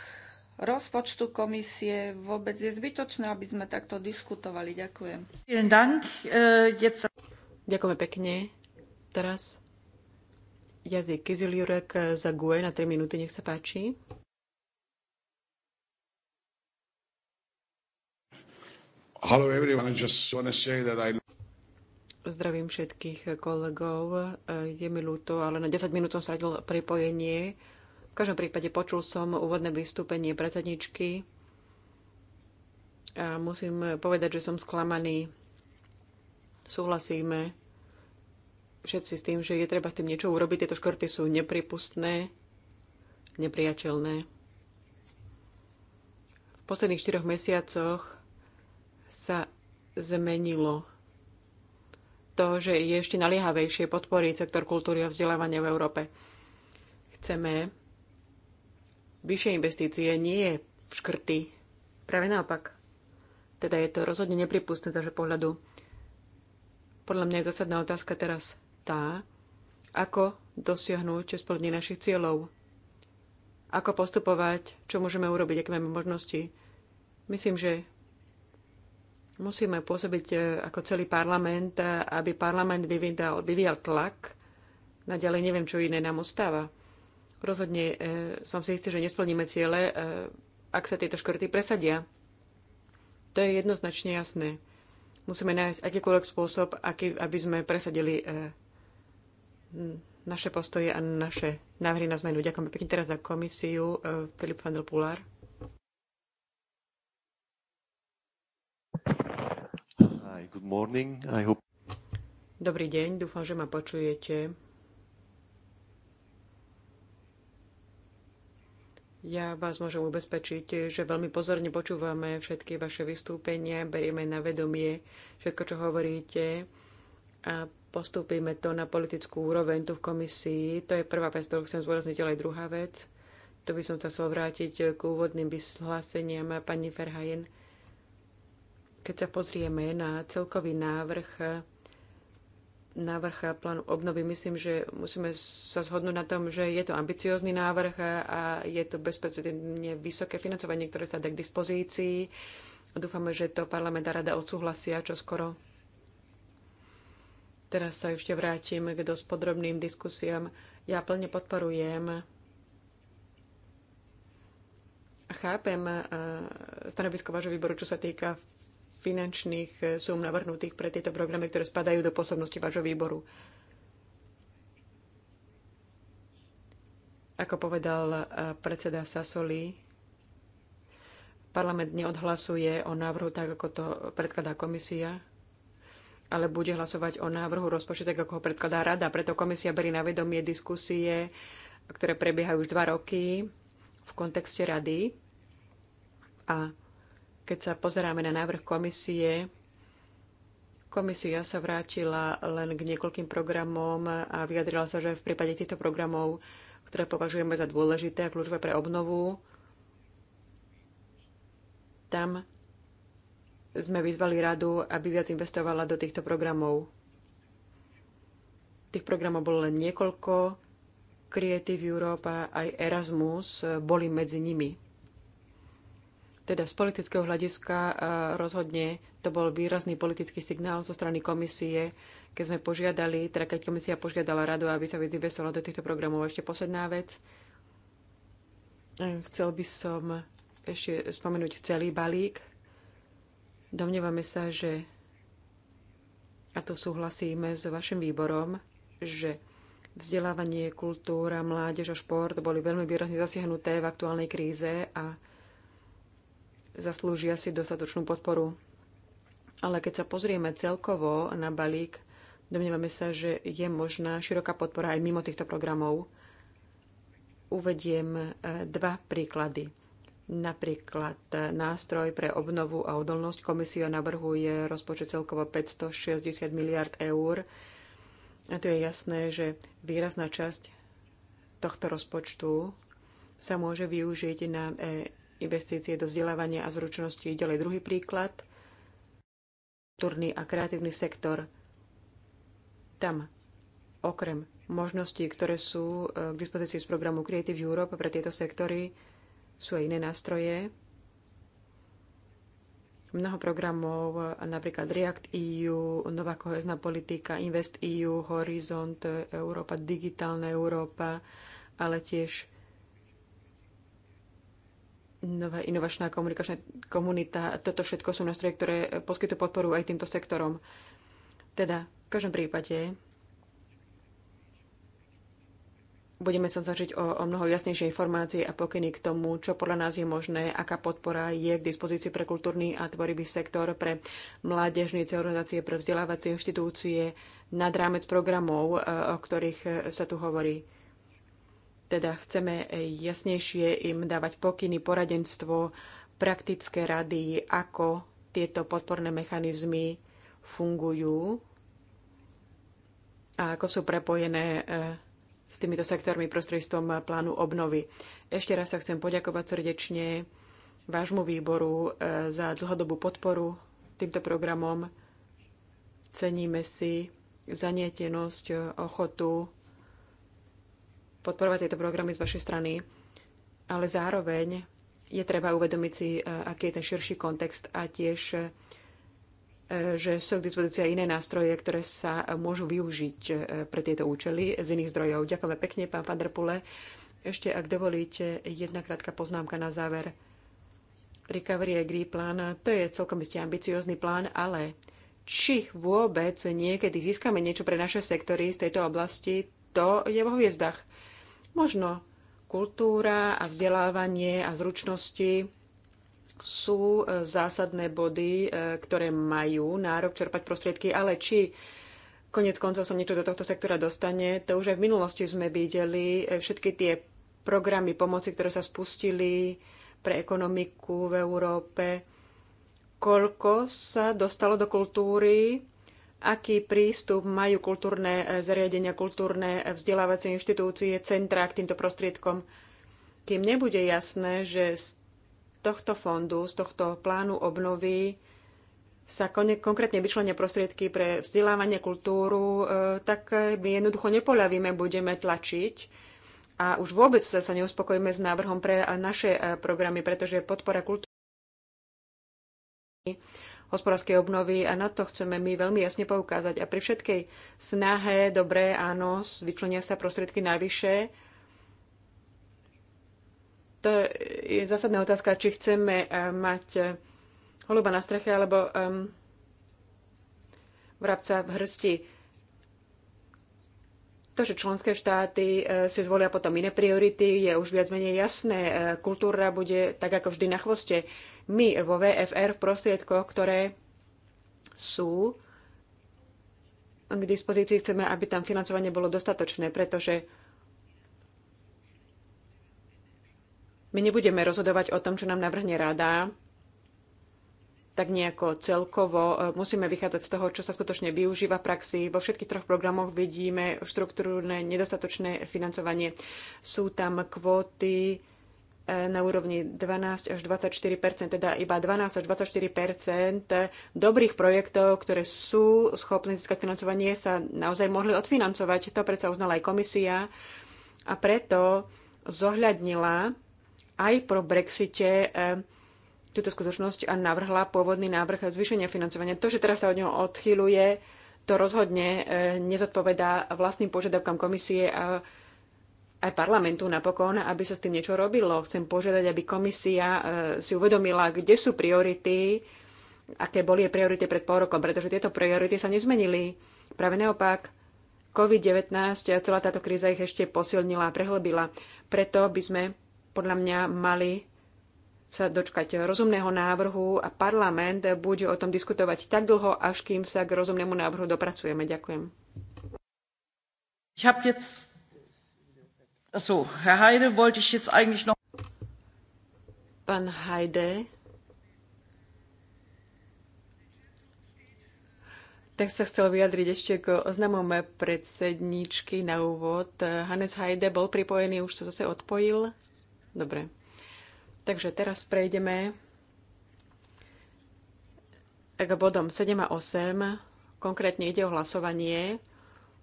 rozpočtu komisie vôbec je zbytočné, aby sme takto diskutovali. Ďakujem. Äh, Ďakujem pekne. Teraz jazyk. Kizil Jurek za GUE na 3 minúty, nech sa páči. Hello everyone, I just want to say that I... Zdravím všetkých kolegov. Je mi ľúto, ale na 10 minút som stratil pripojenie. V každom prípade počul som úvodné vystúpenie predsedničky. A musím povedať, že som sklamaný. Súhlasíme všetci s tým, že je treba s tým niečo urobiť. Tieto škorty sú nepripustné, nepriateľné. V posledných štyroch mesiacoch sa zmenilo to, že je ešte naliehavejšie podporiť sektor kultúry a vzdelávania v Európe. Chceme vyššie investície, nie v škrty. Práve naopak. Teda je to rozhodne nepripustné z pohľadu. Podľa mňa je zásadná otázka teraz tá, ako dosiahnuť splnenie našich cieľov, ako postupovať, čo môžeme urobiť, aké máme možnosti. Myslím, že musíme pôsobiť e, ako celý parlament, e, aby parlament vyvíjal, vyvíjal tlak. Naďalej neviem, čo iné nám ostáva. Rozhodne e, som si istý, že nesplníme ciele, e, ak sa tieto škrty presadia. To je jednoznačne jasné. Musíme nájsť akýkoľvek spôsob, aký, aby sme presadili e, naše postoje a naše návrhy na zmenu. Ďakujem pekne teraz za komisiu. E, Filip van der good morning. I hope... Dobrý deň, dúfam, že ma počujete. Ja vás môžem ubezpečiť, že veľmi pozorne počúvame všetky vaše vystúpenia, berieme na vedomie všetko, čo hovoríte a postúpime to na politickú úroveň tu v komisii. To je prvá vec, ktorú chcem zúrazniť, ale aj druhá vec. To by som sa chcel vrátiť k úvodným vyhláseniam pani Ferhajen. Keď sa pozrieme na celkový návrh, návrh plánu obnovy, myslím, že musíme sa zhodnúť na tom, že je to ambiciózny návrh a je to bezprecedentne vysoké financovanie, ktoré sa dá k dispozícii. Dúfame, že to parlament a rada odsúhlasia čoskoro. skoro Teraz sa ešte vrátim k dosť podrobným diskusiám. Ja plne podporujem a chápem e, stanovisko vášho výboru, čo sa týka finančných e, súm navrhnutých pre tieto programy, ktoré spadajú do pôsobnosti vášho výboru. Ako povedal e, predseda Sasoli, parlament neodhlasuje o návrhu tak, ako to predkladá komisia ale bude hlasovať o návrhu rozpočtu, tak ako ho predkladá rada. Preto komisia berie na vedomie diskusie, ktoré prebiehajú už dva roky v kontexte rady. A keď sa pozeráme na návrh komisie, komisia sa vrátila len k niekoľkým programom a vyjadrila sa, že v prípade týchto programov, ktoré považujeme za dôležité a kľúčové pre obnovu, tam sme vyzvali radu, aby viac investovala do týchto programov. Tých programov bolo len niekoľko. Creative Europe a aj Erasmus boli medzi nimi. Teda z politického hľadiska e, rozhodne to bol výrazný politický signál zo strany komisie, keď sme požiadali, teda keď komisia požiadala radu, aby sa investovala do týchto programov. Ešte posledná vec. E, chcel by som ešte spomenúť celý balík Domnievame sa, že, a to súhlasíme s vašim výborom, že vzdelávanie, kultúra, mládež a šport boli veľmi výrazne zasiahnuté v aktuálnej kríze a zaslúžia si dostatočnú podporu. Ale keď sa pozrieme celkovo na balík, domnievame sa, že je možná široká podpora aj mimo týchto programov uvediem eh, dva príklady. Napríklad nástroj pre obnovu a odolnosť komisia navrhuje rozpočet celkovo 560 miliard eur. A to je jasné, že výrazná časť tohto rozpočtu sa môže využiť na e, investície do vzdelávania a zručnosti. Ďalej druhý príklad, kultúrny a kreatívny sektor. Tam okrem možností, ktoré sú e, k dispozícii z programu Creative Europe pre tieto sektory, sú aj iné nástroje. Mnoho programov, napríklad React EU, Nová kohezná politika, Invest EU, Horizont Európa, Digitálna Európa, ale tiež nová inovačná komunikačná komunita. Toto všetko sú nástroje, ktoré poskytujú podporu aj týmto sektorom. Teda, v každom prípade, Budeme sa zažiť o, o mnoho jasnejšie informácie a pokyny k tomu, čo podľa nás je možné, aká podpora je k dispozícii pre kultúrny a tvorivý sektor, pre mládežnice, organizácie, pre vzdelávacie inštitúcie nad rámec programov, e, o ktorých e, sa tu hovorí. Teda chceme jasnejšie im dávať pokyny, poradenstvo, praktické rady, ako tieto podporné mechanizmy fungujú a ako sú prepojené e, s týmito sektormi prostredstvom plánu obnovy. Ešte raz sa chcem poďakovať srdečne vášmu výboru e, za dlhodobú podporu týmto programom. Ceníme si zanietenosť, e, ochotu podporovať tieto programy z vašej strany, ale zároveň je treba uvedomiť si, e, aký je ten širší kontext a tiež že sú k dispozícii iné nástroje, ktoré sa môžu využiť e, pre tieto účely z iných zdrojov. Ďakujeme pekne, pán Pandrpule. Ešte, ak dovolíte, jedna krátka poznámka na záver. Recovery Agri plán, to je celkom isté ambiciózny plán, ale či vôbec niekedy získame niečo pre naše sektory z tejto oblasti, to je vo hviezdach. Možno kultúra a vzdelávanie a zručnosti sú e, zásadné body, e, ktoré majú nárok čerpať prostriedky, ale či konec koncov sa niečo do tohto sektora dostane, to už aj v minulosti sme videli e, všetky tie programy pomoci, ktoré sa spustili pre ekonomiku v Európe, koľko sa dostalo do kultúry, aký prístup majú kultúrne zariadenia, kultúrne vzdelávacie inštitúcie, centrá k týmto prostriedkom. Kým nebude jasné, že z tohto fondu, z tohto plánu obnovy sa konkrétne vyčlenia prostriedky pre vzdelávanie, kultúru, e, tak my jednoducho nepoľavíme, budeme tlačiť a už vôbec sa neuspokojíme s návrhom pre naše e, programy, pretože podpora kultúry hospodárskej obnovy a na to chceme my veľmi jasne poukázať. A pri všetkej snahe, dobre, áno, vyčlenia sa prostriedky najvyššie, to je zásadná otázka, či chceme eh, mať eh, holuba na streche alebo um, vrabca v hrsti. To, že členské štáty eh, si zvolia potom iné priority, je už viac menej jasné. Kultúra bude tak ako vždy na chvoste. My vo VFR v prostriedkoch, ktoré sú k dispozícii, chceme, aby tam financovanie bolo dostatočné, pretože My nebudeme rozhodovať o tom, čo nám navrhne rada, tak nejako celkovo e, musíme vychádzať z toho, čo sa skutočne využíva v praxi. Vo všetkých troch programoch vidíme štruktúrne nedostatočné financovanie. Sú tam kvóty e, na úrovni 12 až 24 teda iba 12 až 24 dobrých projektov, ktoré sú schopné získať financovanie, sa naozaj mohli odfinancovať. To predsa uznala aj komisia a preto zohľadnila aj po Brexite eh, túto skutočnosť a navrhla pôvodný návrh zvýšenia financovania. To, že teraz sa od neho odchýluje, to rozhodne eh, nezodpovedá vlastným požiadavkám komisie a aj parlamentu napokon, aby sa s tým niečo robilo. Chcem požiadať, aby komisia eh, si uvedomila, kde sú priority, aké boli jej priority pred pol rokom, pretože tieto priority sa nezmenili. Práve naopak, COVID-19 a celá táto kríza ich ešte posilnila a prehlbila. Preto by sme podľa mňa mali sa dočkať rozumného návrhu a parlament bude o tom diskutovať tak dlho, až kým sa k rozumnému návrhu dopracujeme. Ďakujem. Ich habe jetzt... Achso, Herr Heide wollte ich jetzt eigentlich noch... Pán Heide, Tak sa chcel vyjadriť ešte k oznamom predsedničky na úvod. Hannes Heide bol pripojený, už sa zase odpojil. Dobre. Takže teraz prejdeme k bodom 7 a 8. Konkrétne ide o hlasovanie.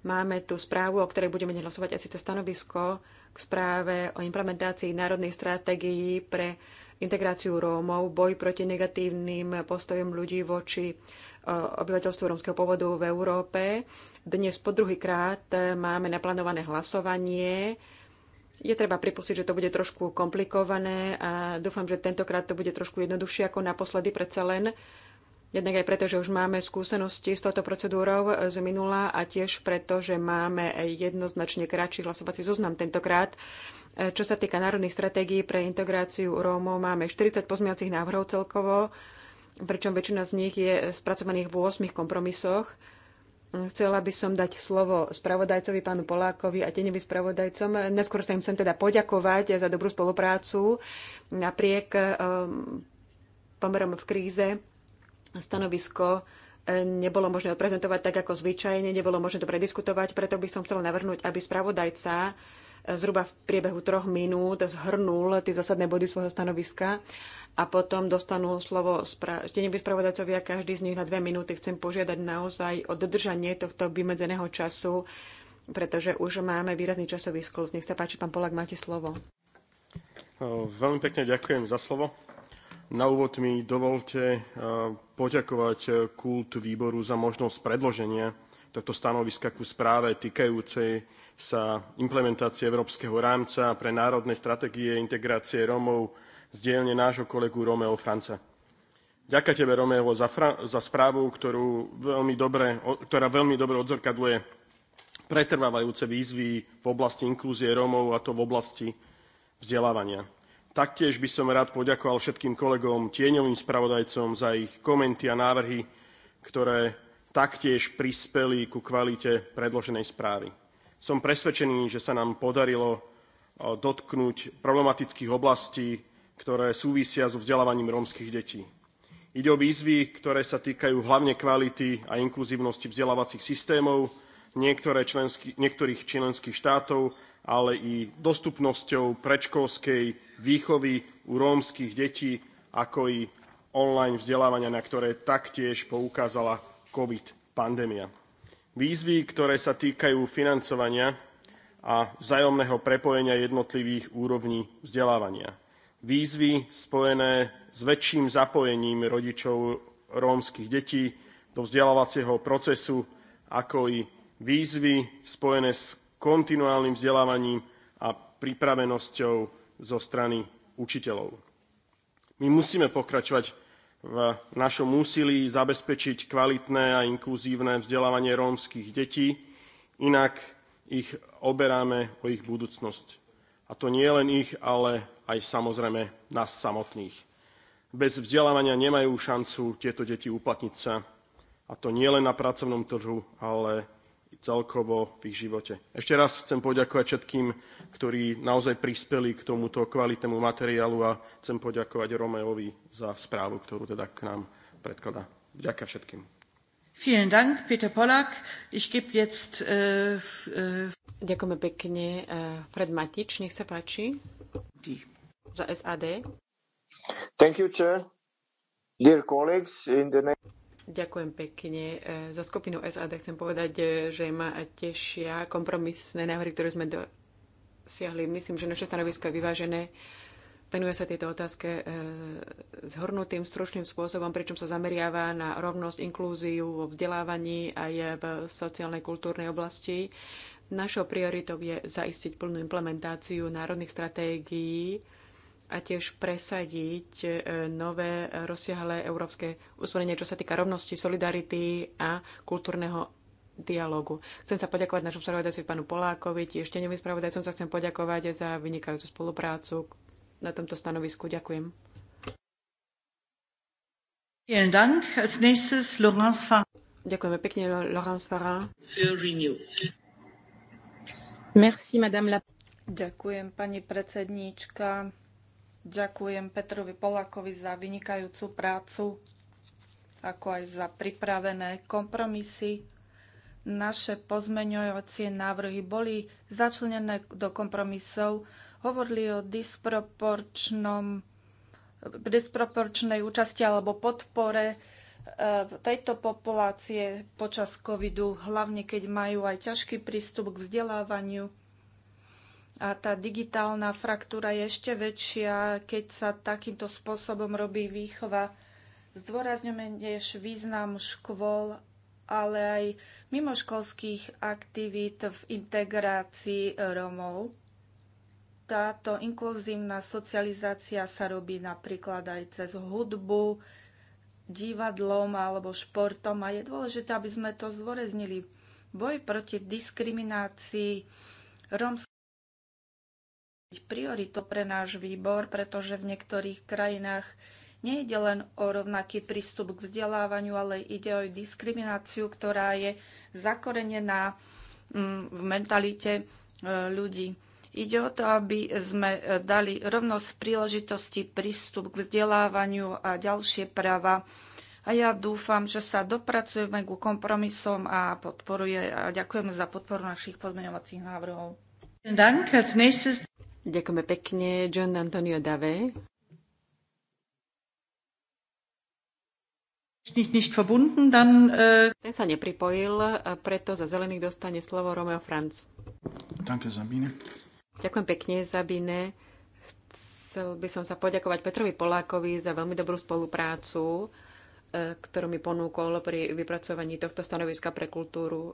Máme tu správu, o ktorej budeme hlasovať, a síce stanovisko k správe o implementácii národnej stratégií pre integráciu Rómov, boj proti negatívnym postojom ľudí voči e, obyvateľstvu rómskeho pôvodu v Európe. Dnes po druhýkrát e, máme naplánované hlasovanie je treba pripustiť, že to bude trošku komplikované a dúfam, že tentokrát to bude trošku jednoduchšie ako naposledy predsa len. Jednak aj preto, že už máme skúsenosti s touto procedúrou z minula a tiež preto, že máme jednoznačne kratší hlasovací zoznam tentokrát. Čo sa týka národných stratégií pre integráciu Rómov, máme 40 pozmiacich návrhov celkovo, pričom väčšina z nich je spracovaných v 8 kompromisoch. Chcela by som dať slovo spravodajcovi, pánu Polákovi a tenevým spravodajcom. Neskôr sa im chcem teda poďakovať za dobrú spoluprácu napriek um, pomerom v kríze. Stanovisko eh, nebolo možné odprezentovať tak, ako zvyčajne, nebolo možné to prediskutovať, preto by som chcela navrhnúť, aby spravodajca zhruba v priebehu troch minút zhrnul tie zásadné body svojho stanoviska a potom dostanú slovo štenevi tenevi spravodajcovia, každý z nich na dve minúty. Chcem požiadať naozaj o dodržanie tohto vymedzeného času, pretože už máme výrazný časový sklz. Nech sa páči, pán Polak, máte slovo. Veľmi pekne ďakujem za slovo. Na úvod mi dovolte poďakovať kult výboru za možnosť predloženia tohto stanoviska ku správe týkajúcej sa implementácie Európskeho rámca pre národné stratégie integrácie Rómov z dielne nášho kolegu Romeo Franca. Ďaká tebe, Romeo, za, za správu, ktorú veľmi dobre, ktorá veľmi dobre odzrkadluje pretrvávajúce výzvy v oblasti inklúzie Rómov, a to v oblasti vzdelávania. Taktiež by som rád poďakoval všetkým kolegom, tieňovým spravodajcom za ich komenty a návrhy, ktoré taktiež prispeli ku kvalite predloženej správy. Som presvedčený, že sa nám podarilo dotknúť problematických oblastí, ktoré súvisia so vzdelávaním rómskych detí. Ide o výzvy, ktoré sa týkajú hlavne kvality a inkluzívnosti vzdelávacích systémov členský, niektorých členských štátov, ale i dostupnosťou predškolskej výchovy u rómskych detí, ako i online vzdelávania, na ktoré taktiež poukázala COVID-pandémia. Výzvy, ktoré sa týkajú financovania a vzájomného prepojenia jednotlivých úrovní vzdelávania. Výzvy spojené s väčším zapojením rodičov rómskych detí do vzdelávacieho procesu, ako i výzvy spojené s kontinuálnym vzdelávaním a pripravenosťou zo strany učiteľov. My musíme pokračovať v našom úsilí zabezpečiť kvalitné a inkluzívne vzdelávanie rómskych detí, inak ich oberáme o ich budúcnosť. A to nie len ich, ale aj samozrejme nás samotných. Bez vzdelávania nemajú šancu tieto deti uplatniť sa. A to nie len na pracovnom trhu, ale celkovo v ich živote. Ešte raz chcem poďakovať všetkým, ktorí naozaj prispeli k tomuto kvalitnému materiálu a chcem poďakovať Romeovi za správu, ktorú teda k nám predkladá. Ďakujem všetkým. Vielen Dank, Peter Polak. Ich gebe jetzt... Uh, uh... Ďakujeme pekne. Äh, Fred Matič, nech sa páči. Die. Za SAD. Thank you, Chair. Dear colleagues, in the name... Ďakujem pekne. E, za skupinu SAD chcem povedať, e, že ma tešia kompromisné návrhy, ktoré sme dosiahli. Myslím, že naše stanovisko je vyvážené. Venuje sa tieto otázke e, zhrnutým, stručným spôsobom, pričom sa zameriava na rovnosť, inklúziu vo vzdelávaní aj v sociálnej, kultúrnej oblasti. Našou prioritou je zaistiť plnú implementáciu národných stratégií a tiež presadiť e, nové rozsiahle európske usmerenie, čo sa týka rovnosti, solidarity a kultúrneho dialogu. Chcem sa poďakovať našom spravodajcovi pánu Polákovi, tiež teňovým spravodajcom sa chcem poďakovať za vynikajúcu spoluprácu na tomto stanovisku. Ďakujem. Ďakujeme pekne, Laurence Farah. Merci, madame la... Ďakujem, pani predsedníčka. Ďakujem Petrovi Polakovi za vynikajúcu prácu, ako aj za pripravené kompromisy. Naše pozmeňujúcie návrhy boli začlenené do kompromisov, hovorili o disproporčnom, disproporčnej účasti alebo podpore eh, tejto populácie počas covidu, hlavne keď majú aj ťažký prístup k vzdelávaniu a tá digitálna fraktúra je ešte väčšia, keď sa takýmto spôsobom robí výchova. Zdôrazňujeme tiež význam škôl, ale aj mimoškolských aktivít v integrácii Romov. Táto inkluzívna socializácia sa robí napríklad aj cez hudbu, divadlom alebo športom a je dôležité, aby sme to zvoreznili. Boj proti diskriminácii rómskych prioritou pre náš výbor, pretože v niektorých krajinách nejde len o rovnaký prístup k vzdelávaniu, ale ide o diskrimináciu, ktorá je zakorenená mm, v mentalite e, ľudí. Ide o to, aby sme e, dali rovnosť príležitosti, prístup k vzdelávaniu a ďalšie práva. A ja dúfam, že sa dopracujeme ku kompromisom a podporuje. A ďakujeme za podporu našich pozmeňovacích návrhov. Ďakujeme pekne, John Antonio Dave. Äh, Ten sa nepripojil, preto za zelených dostane slovo Romeo Franz. Ďakujem pekne, Zabine. Chcel by som sa poďakovať Petrovi Polákovi za veľmi dobrú spoluprácu, e, ktorú mi ponúkol pri vypracovaní tohto stanoviska pre kultúru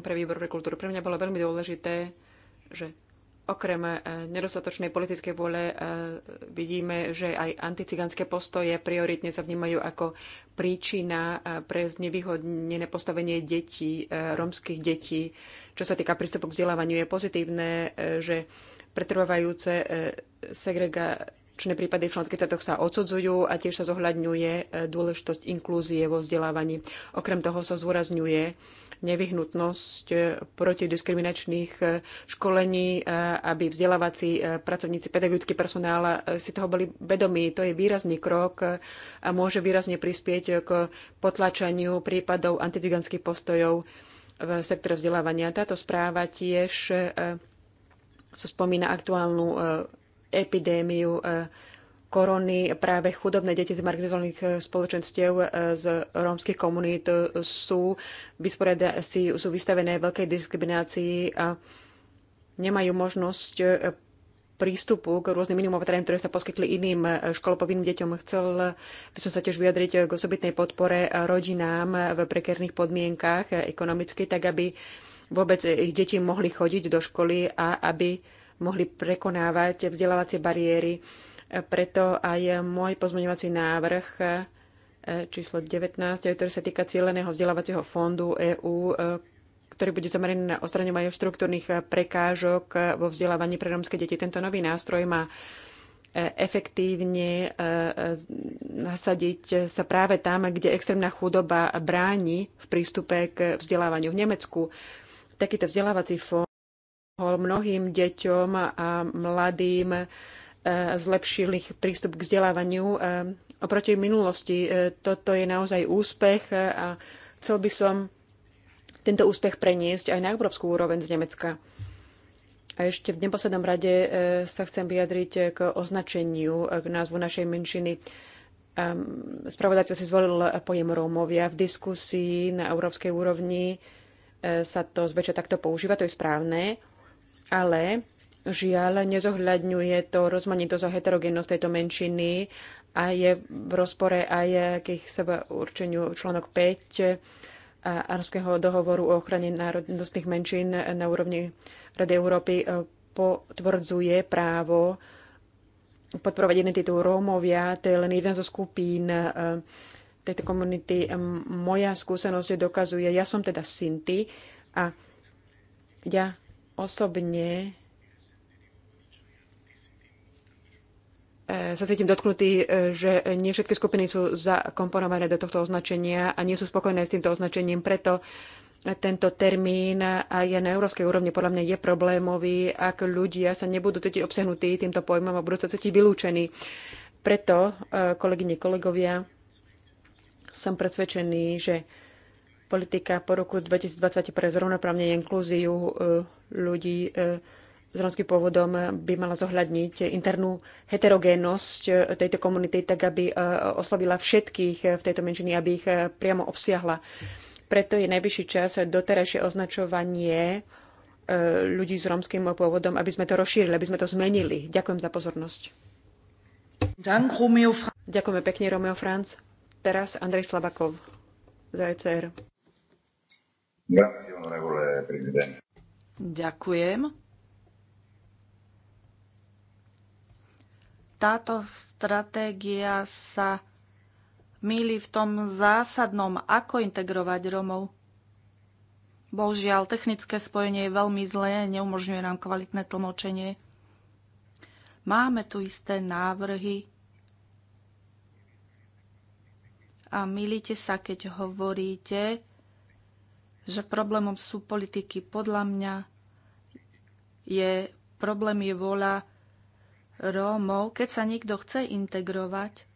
pre výbor pre kultúru. Pre mňa bolo veľmi dôležité, že okrem eh, nedostatočnej politickej vôle eh, vidíme, že aj anticiganské postoje prioritne sa vnímajú ako príčina eh, pre znevýhodnené postavenie detí, romských detí. Čo sa týka prístupu k vzdelávaniu, je pozitívne, že pretrvávajúce segrega korupčné prípady v členských štátoch sa odsudzujú a tiež sa zohľadňuje e, dôležitosť inklúzie vo vzdelávaní. Okrem toho sa zúrazňuje nevyhnutnosť e, protidiskriminačných e, školení, aby vzdelávací pracovníci, pedagogický personál si toho boli vedomí. To je výrazný krok a môže výrazne prispieť k potlačaniu prípadov antidigantských postojov v sektore vzdelávania. Táto správa tiež sa spomína aktuálnu epidémiu e, korony. Práve chudobné deti z marginalizovaných e, spoločenstiev e, z rómskych komunít sú, si, sú vystavené veľkej diskriminácii a nemajú možnosť prístupu k rôznym iným opatreniam, ktoré sa poskytli iným školopovinným deťom. Chcel by som sa tiež vyjadriť k osobitnej podpore rodinám v prekerných podmienkách ekonomicky, tak aby vôbec ich deti mohli chodiť do školy a aby mohli prekonávať vzdelávacie bariéry. Preto aj môj pozmeňovací návrh e, číslo 19, e, ktorý sa týka cieľeného vzdelávacieho fondu EÚ, e, ktorý bude zameraný na ostraňovanie štruktúrnych prekážok vo vzdelávaní pre romské deti. Tento nový nástroj má efektívne nasadiť sa práve tam, kde extrémna chudoba bráni v prístupe k vzdelávaniu. V Nemecku takýto vzdelávací fond mnohým deťom a mladým, e, zlepšil ich prístup k vzdelávaniu. E, oproti minulosti e, toto je naozaj úspech a chcel by som tento úspech preniesť aj na európsku úroveň z Nemecka. A ešte v neposlednom rade sa chcem vyjadriť k označeniu, k názvu našej menšiny. Spravodajca si zvolil pojem Rómovia. V diskusii na európskej úrovni sa to zväčša takto používa, to je správne ale žiaľ nezohľadňuje to rozmanitosť a heterogénnosť tejto menšiny a je v rozpore aj k ich seba určeniu článok 5 Arabského dohovoru o ochrane národnostných menšín na úrovni Rady Európy e, potvrdzuje právo podporovať identitu Rómovia. To je len jeden zo skupín e, tejto komunity. E, moja skúsenosť dokazuje, ja som teda Sinti a ja osobne e, sa cítim dotknutý, e, že nie všetky skupiny sú zakomponované do tohto označenia a nie sú spokojné s týmto označením, preto tento termín aj na európskej úrovni podľa mňa je problémový, ak ľudia sa nebudú cítiť obsahnutí týmto pojmom a budú sa cítiť vylúčení. Preto, e, kolegyne, kolegovia, som presvedčený, že politika po roku 2020 pre zrovnoprávne inklúziu e, ľudí e, s romským pôvodom by mala zohľadniť internú heterogénnosť e, tejto komunity, tak aby oslovila všetkých v tejto menšine, aby ich priamo obsiahla. Preto je najvyšší čas doterajšie označovanie ľudí s romským pôvodom, aby sme to rozšírili, aby sme to zmenili. Ďakujem za pozornosť. Ďakujeme pekne, Romeo Franc. Teraz Andrej Slabakov za ECR. Grazie, onorevole Ďakujem. Táto stratégia sa míli v tom zásadnom, ako integrovať Romov. Bohužiaľ, technické spojenie je veľmi zlé, neumožňuje nám kvalitné tlmočenie. Máme tu isté návrhy a milíte sa, keď hovoríte, že problémom sú politiky. Podľa mňa je problém je vola Rómov. Keď sa niekto chce integrovať,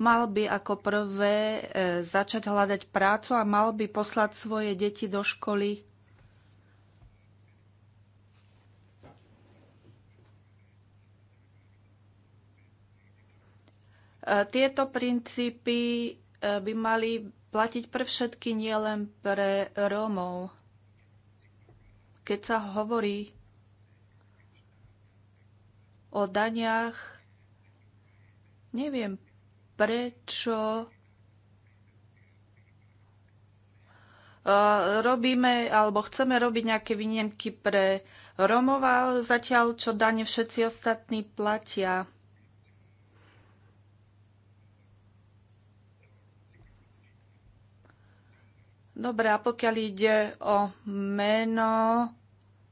mal by ako prvé e, začať hľadať prácu a mal by poslať svoje deti do školy. E, tieto princípy e, by mali platiť pre všetky, nielen pre Rómov. Keď sa hovorí o daniach, neviem prečo eh, robíme alebo chceme robiť nejaké výnimky pre Romov, ale zatiaľ čo dane všetci ostatní platia. Dobre, a pokiaľ ide o meno,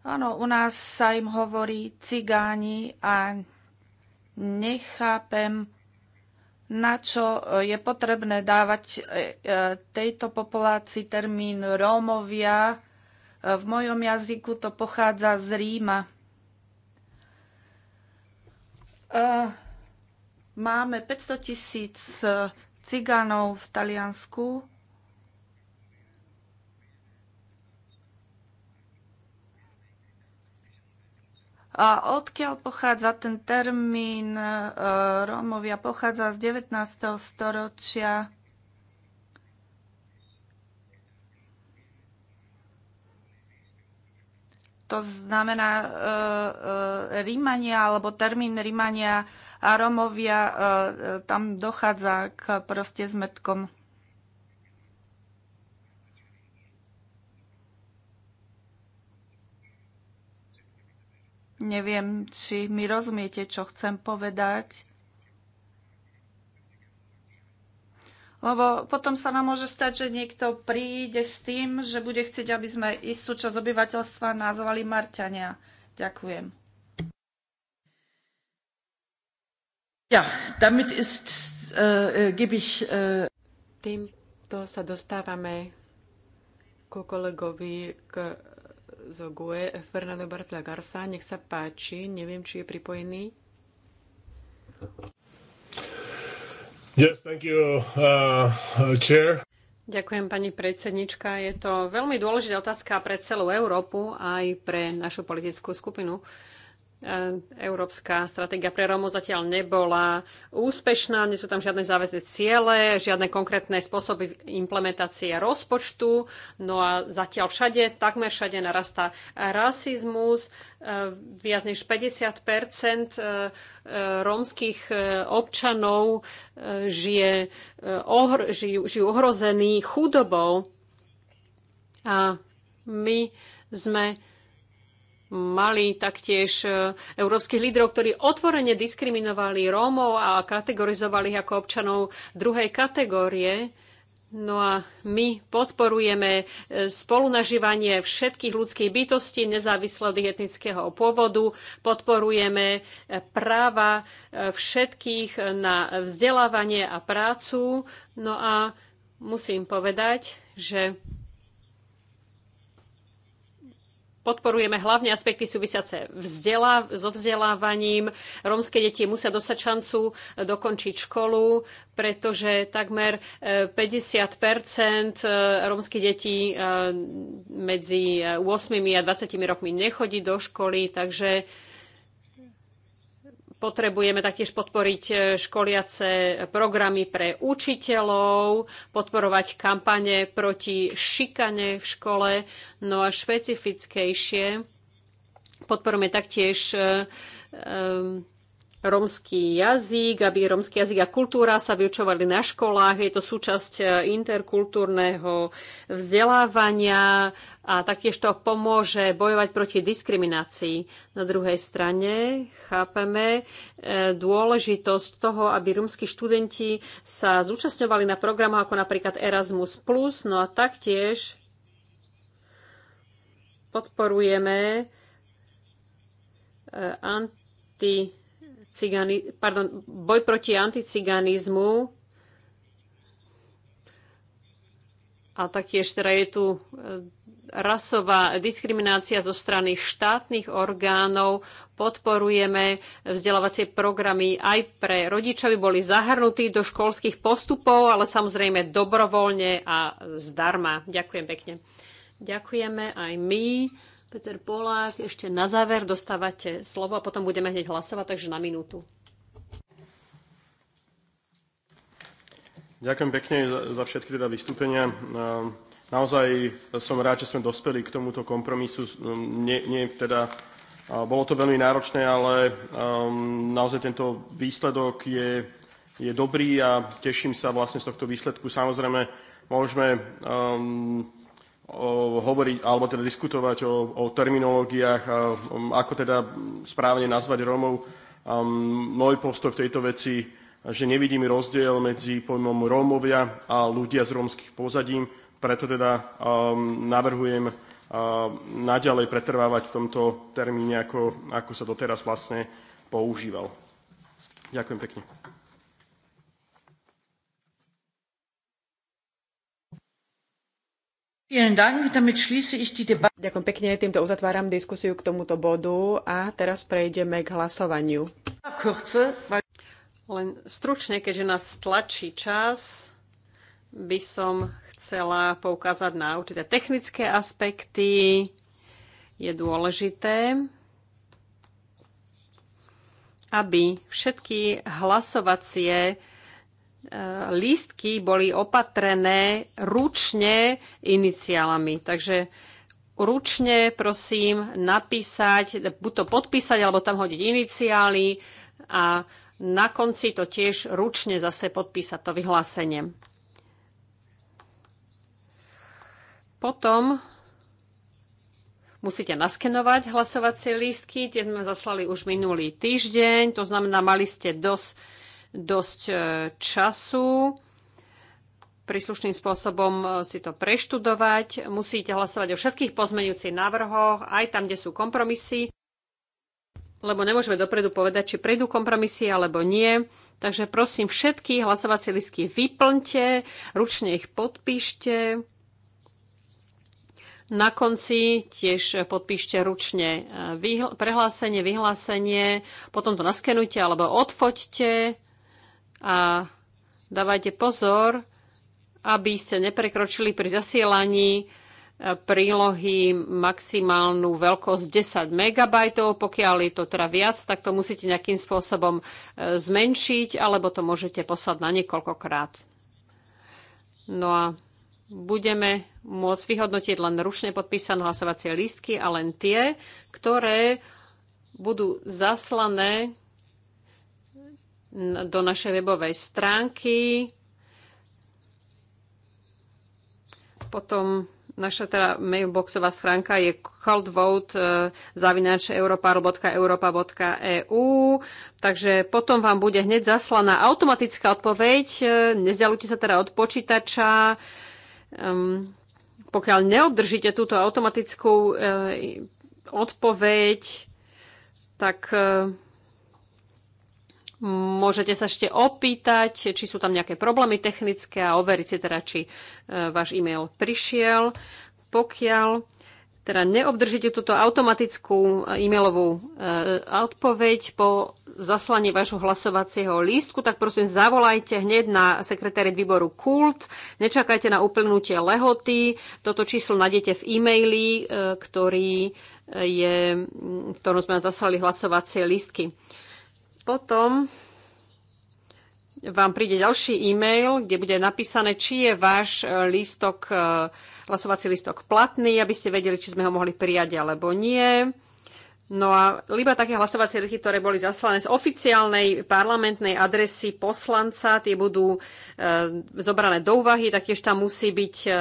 áno, u nás sa im hovorí cigáni a nechápem, na čo je potrebné dávať e, e, tejto populácii termín Rómovia. E, v mojom jazyku to pochádza z Ríma. Máme 500 tisíc cigánov v Taliansku A odkiaľ pochádza ten termín e, Rómovia? Pochádza z 19. storočia. To znamená e, e, Rímania, alebo termín Rímania a Rómovia, e, e tam dochádza k proste zmetkom. Neviem, či mi rozumiete, čo chcem povedať. Lebo potom sa nám môže stať, že niekto príde s tým, že bude chcieť, aby sme istú časť obyvateľstva nazvali Marťania. Ďakujem. Ja, damit ist, uh, gebe ich... Uh... Týmto sa dostávame ku kolegovi k z GUE, Fernando Bartla Garza. Nech sa páči, neviem, či je pripojený. Yes, thank you, uh, chair. Ďakujem, pani predsednička. Je to veľmi dôležitá otázka pre celú Európu aj pre našu politickú skupinu. Uh, E, európska stratégia pre Rómov zatiaľ nebola úspešná, nie sú tam žiadne záväzné ciele, žiadne konkrétne spôsoby implementácie rozpočtu, no a zatiaľ všade, takmer všade narastá rasizmus. E, viac než 50 e, rómskych občanov žije, ohr, žijú, žijú ohrození chudobou a my sme mali taktiež e, európskych lídrov, ktorí otvorene diskriminovali Rómov a kategorizovali ich ako občanov druhej kategórie. No a my podporujeme e, spolunažívanie všetkých ľudských bytostí, nezávisle od etnického pôvodu. Podporujeme e, práva všetkých na vzdelávanie a prácu. No a musím povedať, že podporujeme hlavne aspekty súvisiace so vzdelávaním. Rómske deti musia dostať šancu dokončiť školu, pretože takmer 50 e, e, rómskych detí e, medzi 8 a 20 rokmi nechodí do školy, takže Potrebujeme taktiež podporiť e, školiace programy pre učiteľov, podporovať kampane proti šikane v škole, no a špecifickejšie podporujeme taktiež e, e, romský jazyk, aby romský jazyk a kultúra sa vyučovali na školách. Je to súčasť e, interkultúrneho vzdelávania a taktiež to pomôže bojovať proti diskriminácii. Na druhej strane chápeme e, dôležitosť toho, aby rumskí študenti sa zúčastňovali na programoch ako napríklad Erasmus+, no a taktiež podporujeme e, anti cigani, pardon, boj proti anticiganizmu a taktiež teda je tu e, rasová diskriminácia zo strany štátnych orgánov. Podporujeme vzdelávacie programy aj pre rodičov, boli zahrnutí do školských postupov, ale samozrejme dobrovoľne a zdarma. Ďakujem pekne. Ďakujeme aj my. Peter Polák, ešte na záver dostávate slovo a potom budeme hneď hlasovať, takže na minútu. Ďakujem pekne za všetky teda vystúpenia. Ehm, naozaj som rád, že sme dospeli k tomuto kompromisu. Ehm, nie, nie, teda, bolo to veľmi náročné, ale ehm, naozaj tento výsledok je, je dobrý a teším sa vlastne z tohto výsledku. Samozrejme, môžeme um, hovoriť alebo teda diskutovať o, o terminológiách, a, um, ako teda správne nazvať Rómov. Um, môj postoj v tejto veci, že nevidím rozdiel medzi pojmom Rómovia a ľudia z rómskych pozadím, preto teda um, navrhujem um, naďalej pretrvávať v tomto termíne, ako, ako sa doteraz vlastne používal. Ďakujem pekne. Ďakujem pekne, týmto uzatváram diskusiu k tomuto bodu a teraz prejdeme k hlasovaniu. Len stručne, keďže nás tlačí čas, by som chcela poukázať na určité technické aspekty. Je dôležité, aby všetky hlasovacie E, lístky boli opatrené ručne iniciálami. Takže ručne, prosím, napísať, buď to podpísať, alebo tam hodiť iniciály a na konci to tiež ručne zase podpísať to vyhlásenie. Potom musíte naskenovať hlasovacie lístky, tie sme zaslali už minulý týždeň, to znamená, mali ste dosť dosť e, času príslušným spôsobom e, si to preštudovať. Musíte hlasovať o všetkých pozmeňujúcich návrhoch, aj tam, kde sú kompromisy, lebo nemôžeme dopredu povedať, či prejdú kompromisy alebo nie. Takže prosím, všetky hlasovacie listky vyplňte, ručne ich podpíšte. Na konci tiež podpíšte ručne e, vyhl- prehlásenie, vyhlásenie, potom to naskenujte alebo odfoďte a dávajte pozor, aby ste neprekročili pri zasielaní e, prílohy maximálnu veľkosť 10 MB. Pokiaľ je to teda viac, tak to musíte nejakým spôsobom e, zmenšiť, alebo to môžete poslať na niekoľkokrát. No a budeme môcť vyhodnotiť len ručne podpísané hlasovacie lístky a len tie, ktoré budú zaslané do našej webovej stránky. Potom naša teda mailboxová schránka je coldvote.europa.europa.eu eh, takže potom vám bude hneď zaslaná automatická odpoveď. Eh, nezdialujte sa teda od počítača. Ehm, pokiaľ neobdržíte túto automatickú eh, odpoveď, tak Môžete sa ešte opýtať, či sú tam nejaké problémy technické a overiť si teda, či e, váš e-mail prišiel. Pokiaľ teda neobdržíte túto automatickú e, e-mailovú e, odpoveď po zaslaní vašho hlasovacieho lístku, tak prosím zavolajte hneď na sekretári výboru KULT. Nečakajte na uplnutie lehoty. Toto číslo nájdete v e-maili, ktorý je, v ktorom sme zaslali hlasovacie lístky. Potom vám príde ďalší e-mail, kde bude napísané, či je váš e, lístok, e, hlasovací lístok platný, aby ste vedeli, či sme ho mohli prijať alebo nie. No a iba také hlasovacie listy, ktoré boli zaslané z oficiálnej parlamentnej adresy poslanca, tie budú e, zobrané do úvahy, taktiež tam musí byť e,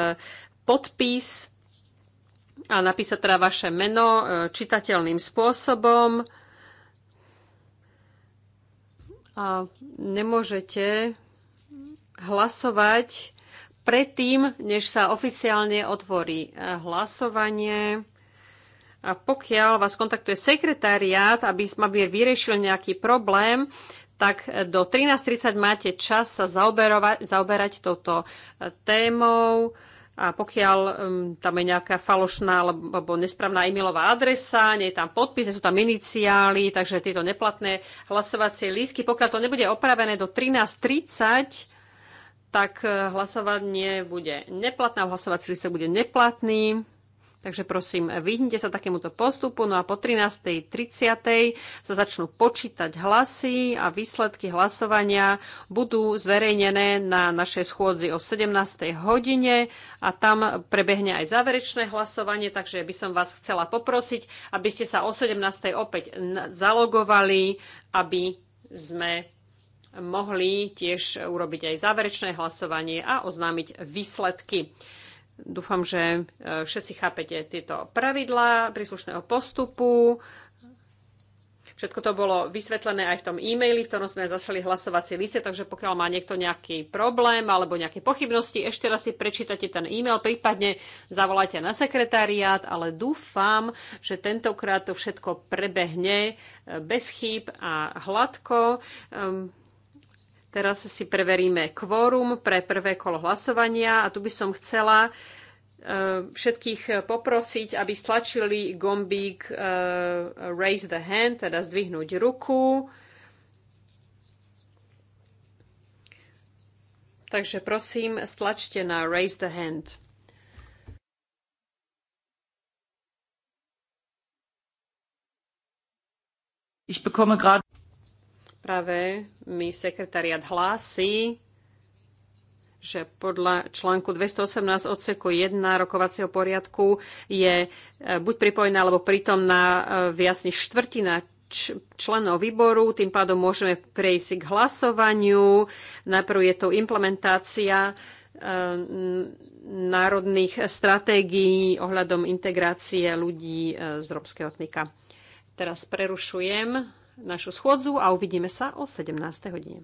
podpis a napísať teda vaše meno e, čitateľným spôsobom. E, a nemôžete hlasovať predtým, než sa oficiálne otvorí eh, hlasovanie. A pokiaľ vás kontaktuje sekretariát, aby, aby vyriešil nejaký problém, tak do 13.30 máte čas sa zaoberať touto eh, témou. A pokiaľ um, tam je nejaká falošná alebo nesprávna e-mailová adresa, nie je tam podpis, nie sú tam iniciály, takže tieto neplatné hlasovacie lístky, pokiaľ to nebude opravené do 13.30, tak eh, hlasovanie bude neplatné, hlasovací lístok bude neplatný. Takže prosím, vyhnite sa takémuto postupu. No a po 13.30 sa začnú počítať hlasy a výsledky hlasovania budú zverejnené na našej schôdzi o 17. hodine a tam prebehne aj záverečné hlasovanie, takže by som vás chcela poprosiť, aby ste sa o 17. opäť zalogovali, aby sme mohli tiež urobiť aj záverečné hlasovanie a oznámiť výsledky. Dúfam, že e, všetci chápete tieto pravidlá príslušného postupu. Všetko to bolo vysvetlené aj v tom e-maili, v ktorom sme zaseli hlasovacie liste, takže pokiaľ má niekto nejaký problém alebo nejaké pochybnosti, ešte raz si prečítate ten e-mail, prípadne zavolajte na sekretariát, ale dúfam, že tentokrát to všetko prebehne e, bez chýb a hladko. Um, Teraz si preveríme kvórum pre prvé kolo hlasovania a tu by som chcela e, všetkých poprosiť, aby stlačili gombík e, raise the hand, teda zdvihnúť ruku. Takže prosím, stlačte na raise the hand. Ich bekomme gerade rozprave mi sekretariat hlási, že podľa článku 218 odseku 1 rokovacieho poriadku je e, buď pripojená alebo prítomná e, viac než štvrtina členov výboru, tým pádom môžeme prejsť k hlasovaniu. Najprv je to implementácia e, národných stratégií ohľadom integrácie ľudí z rómskeho etnika. Teraz prerušujem našu schôdzu a uvidíme sa o 17. hodine.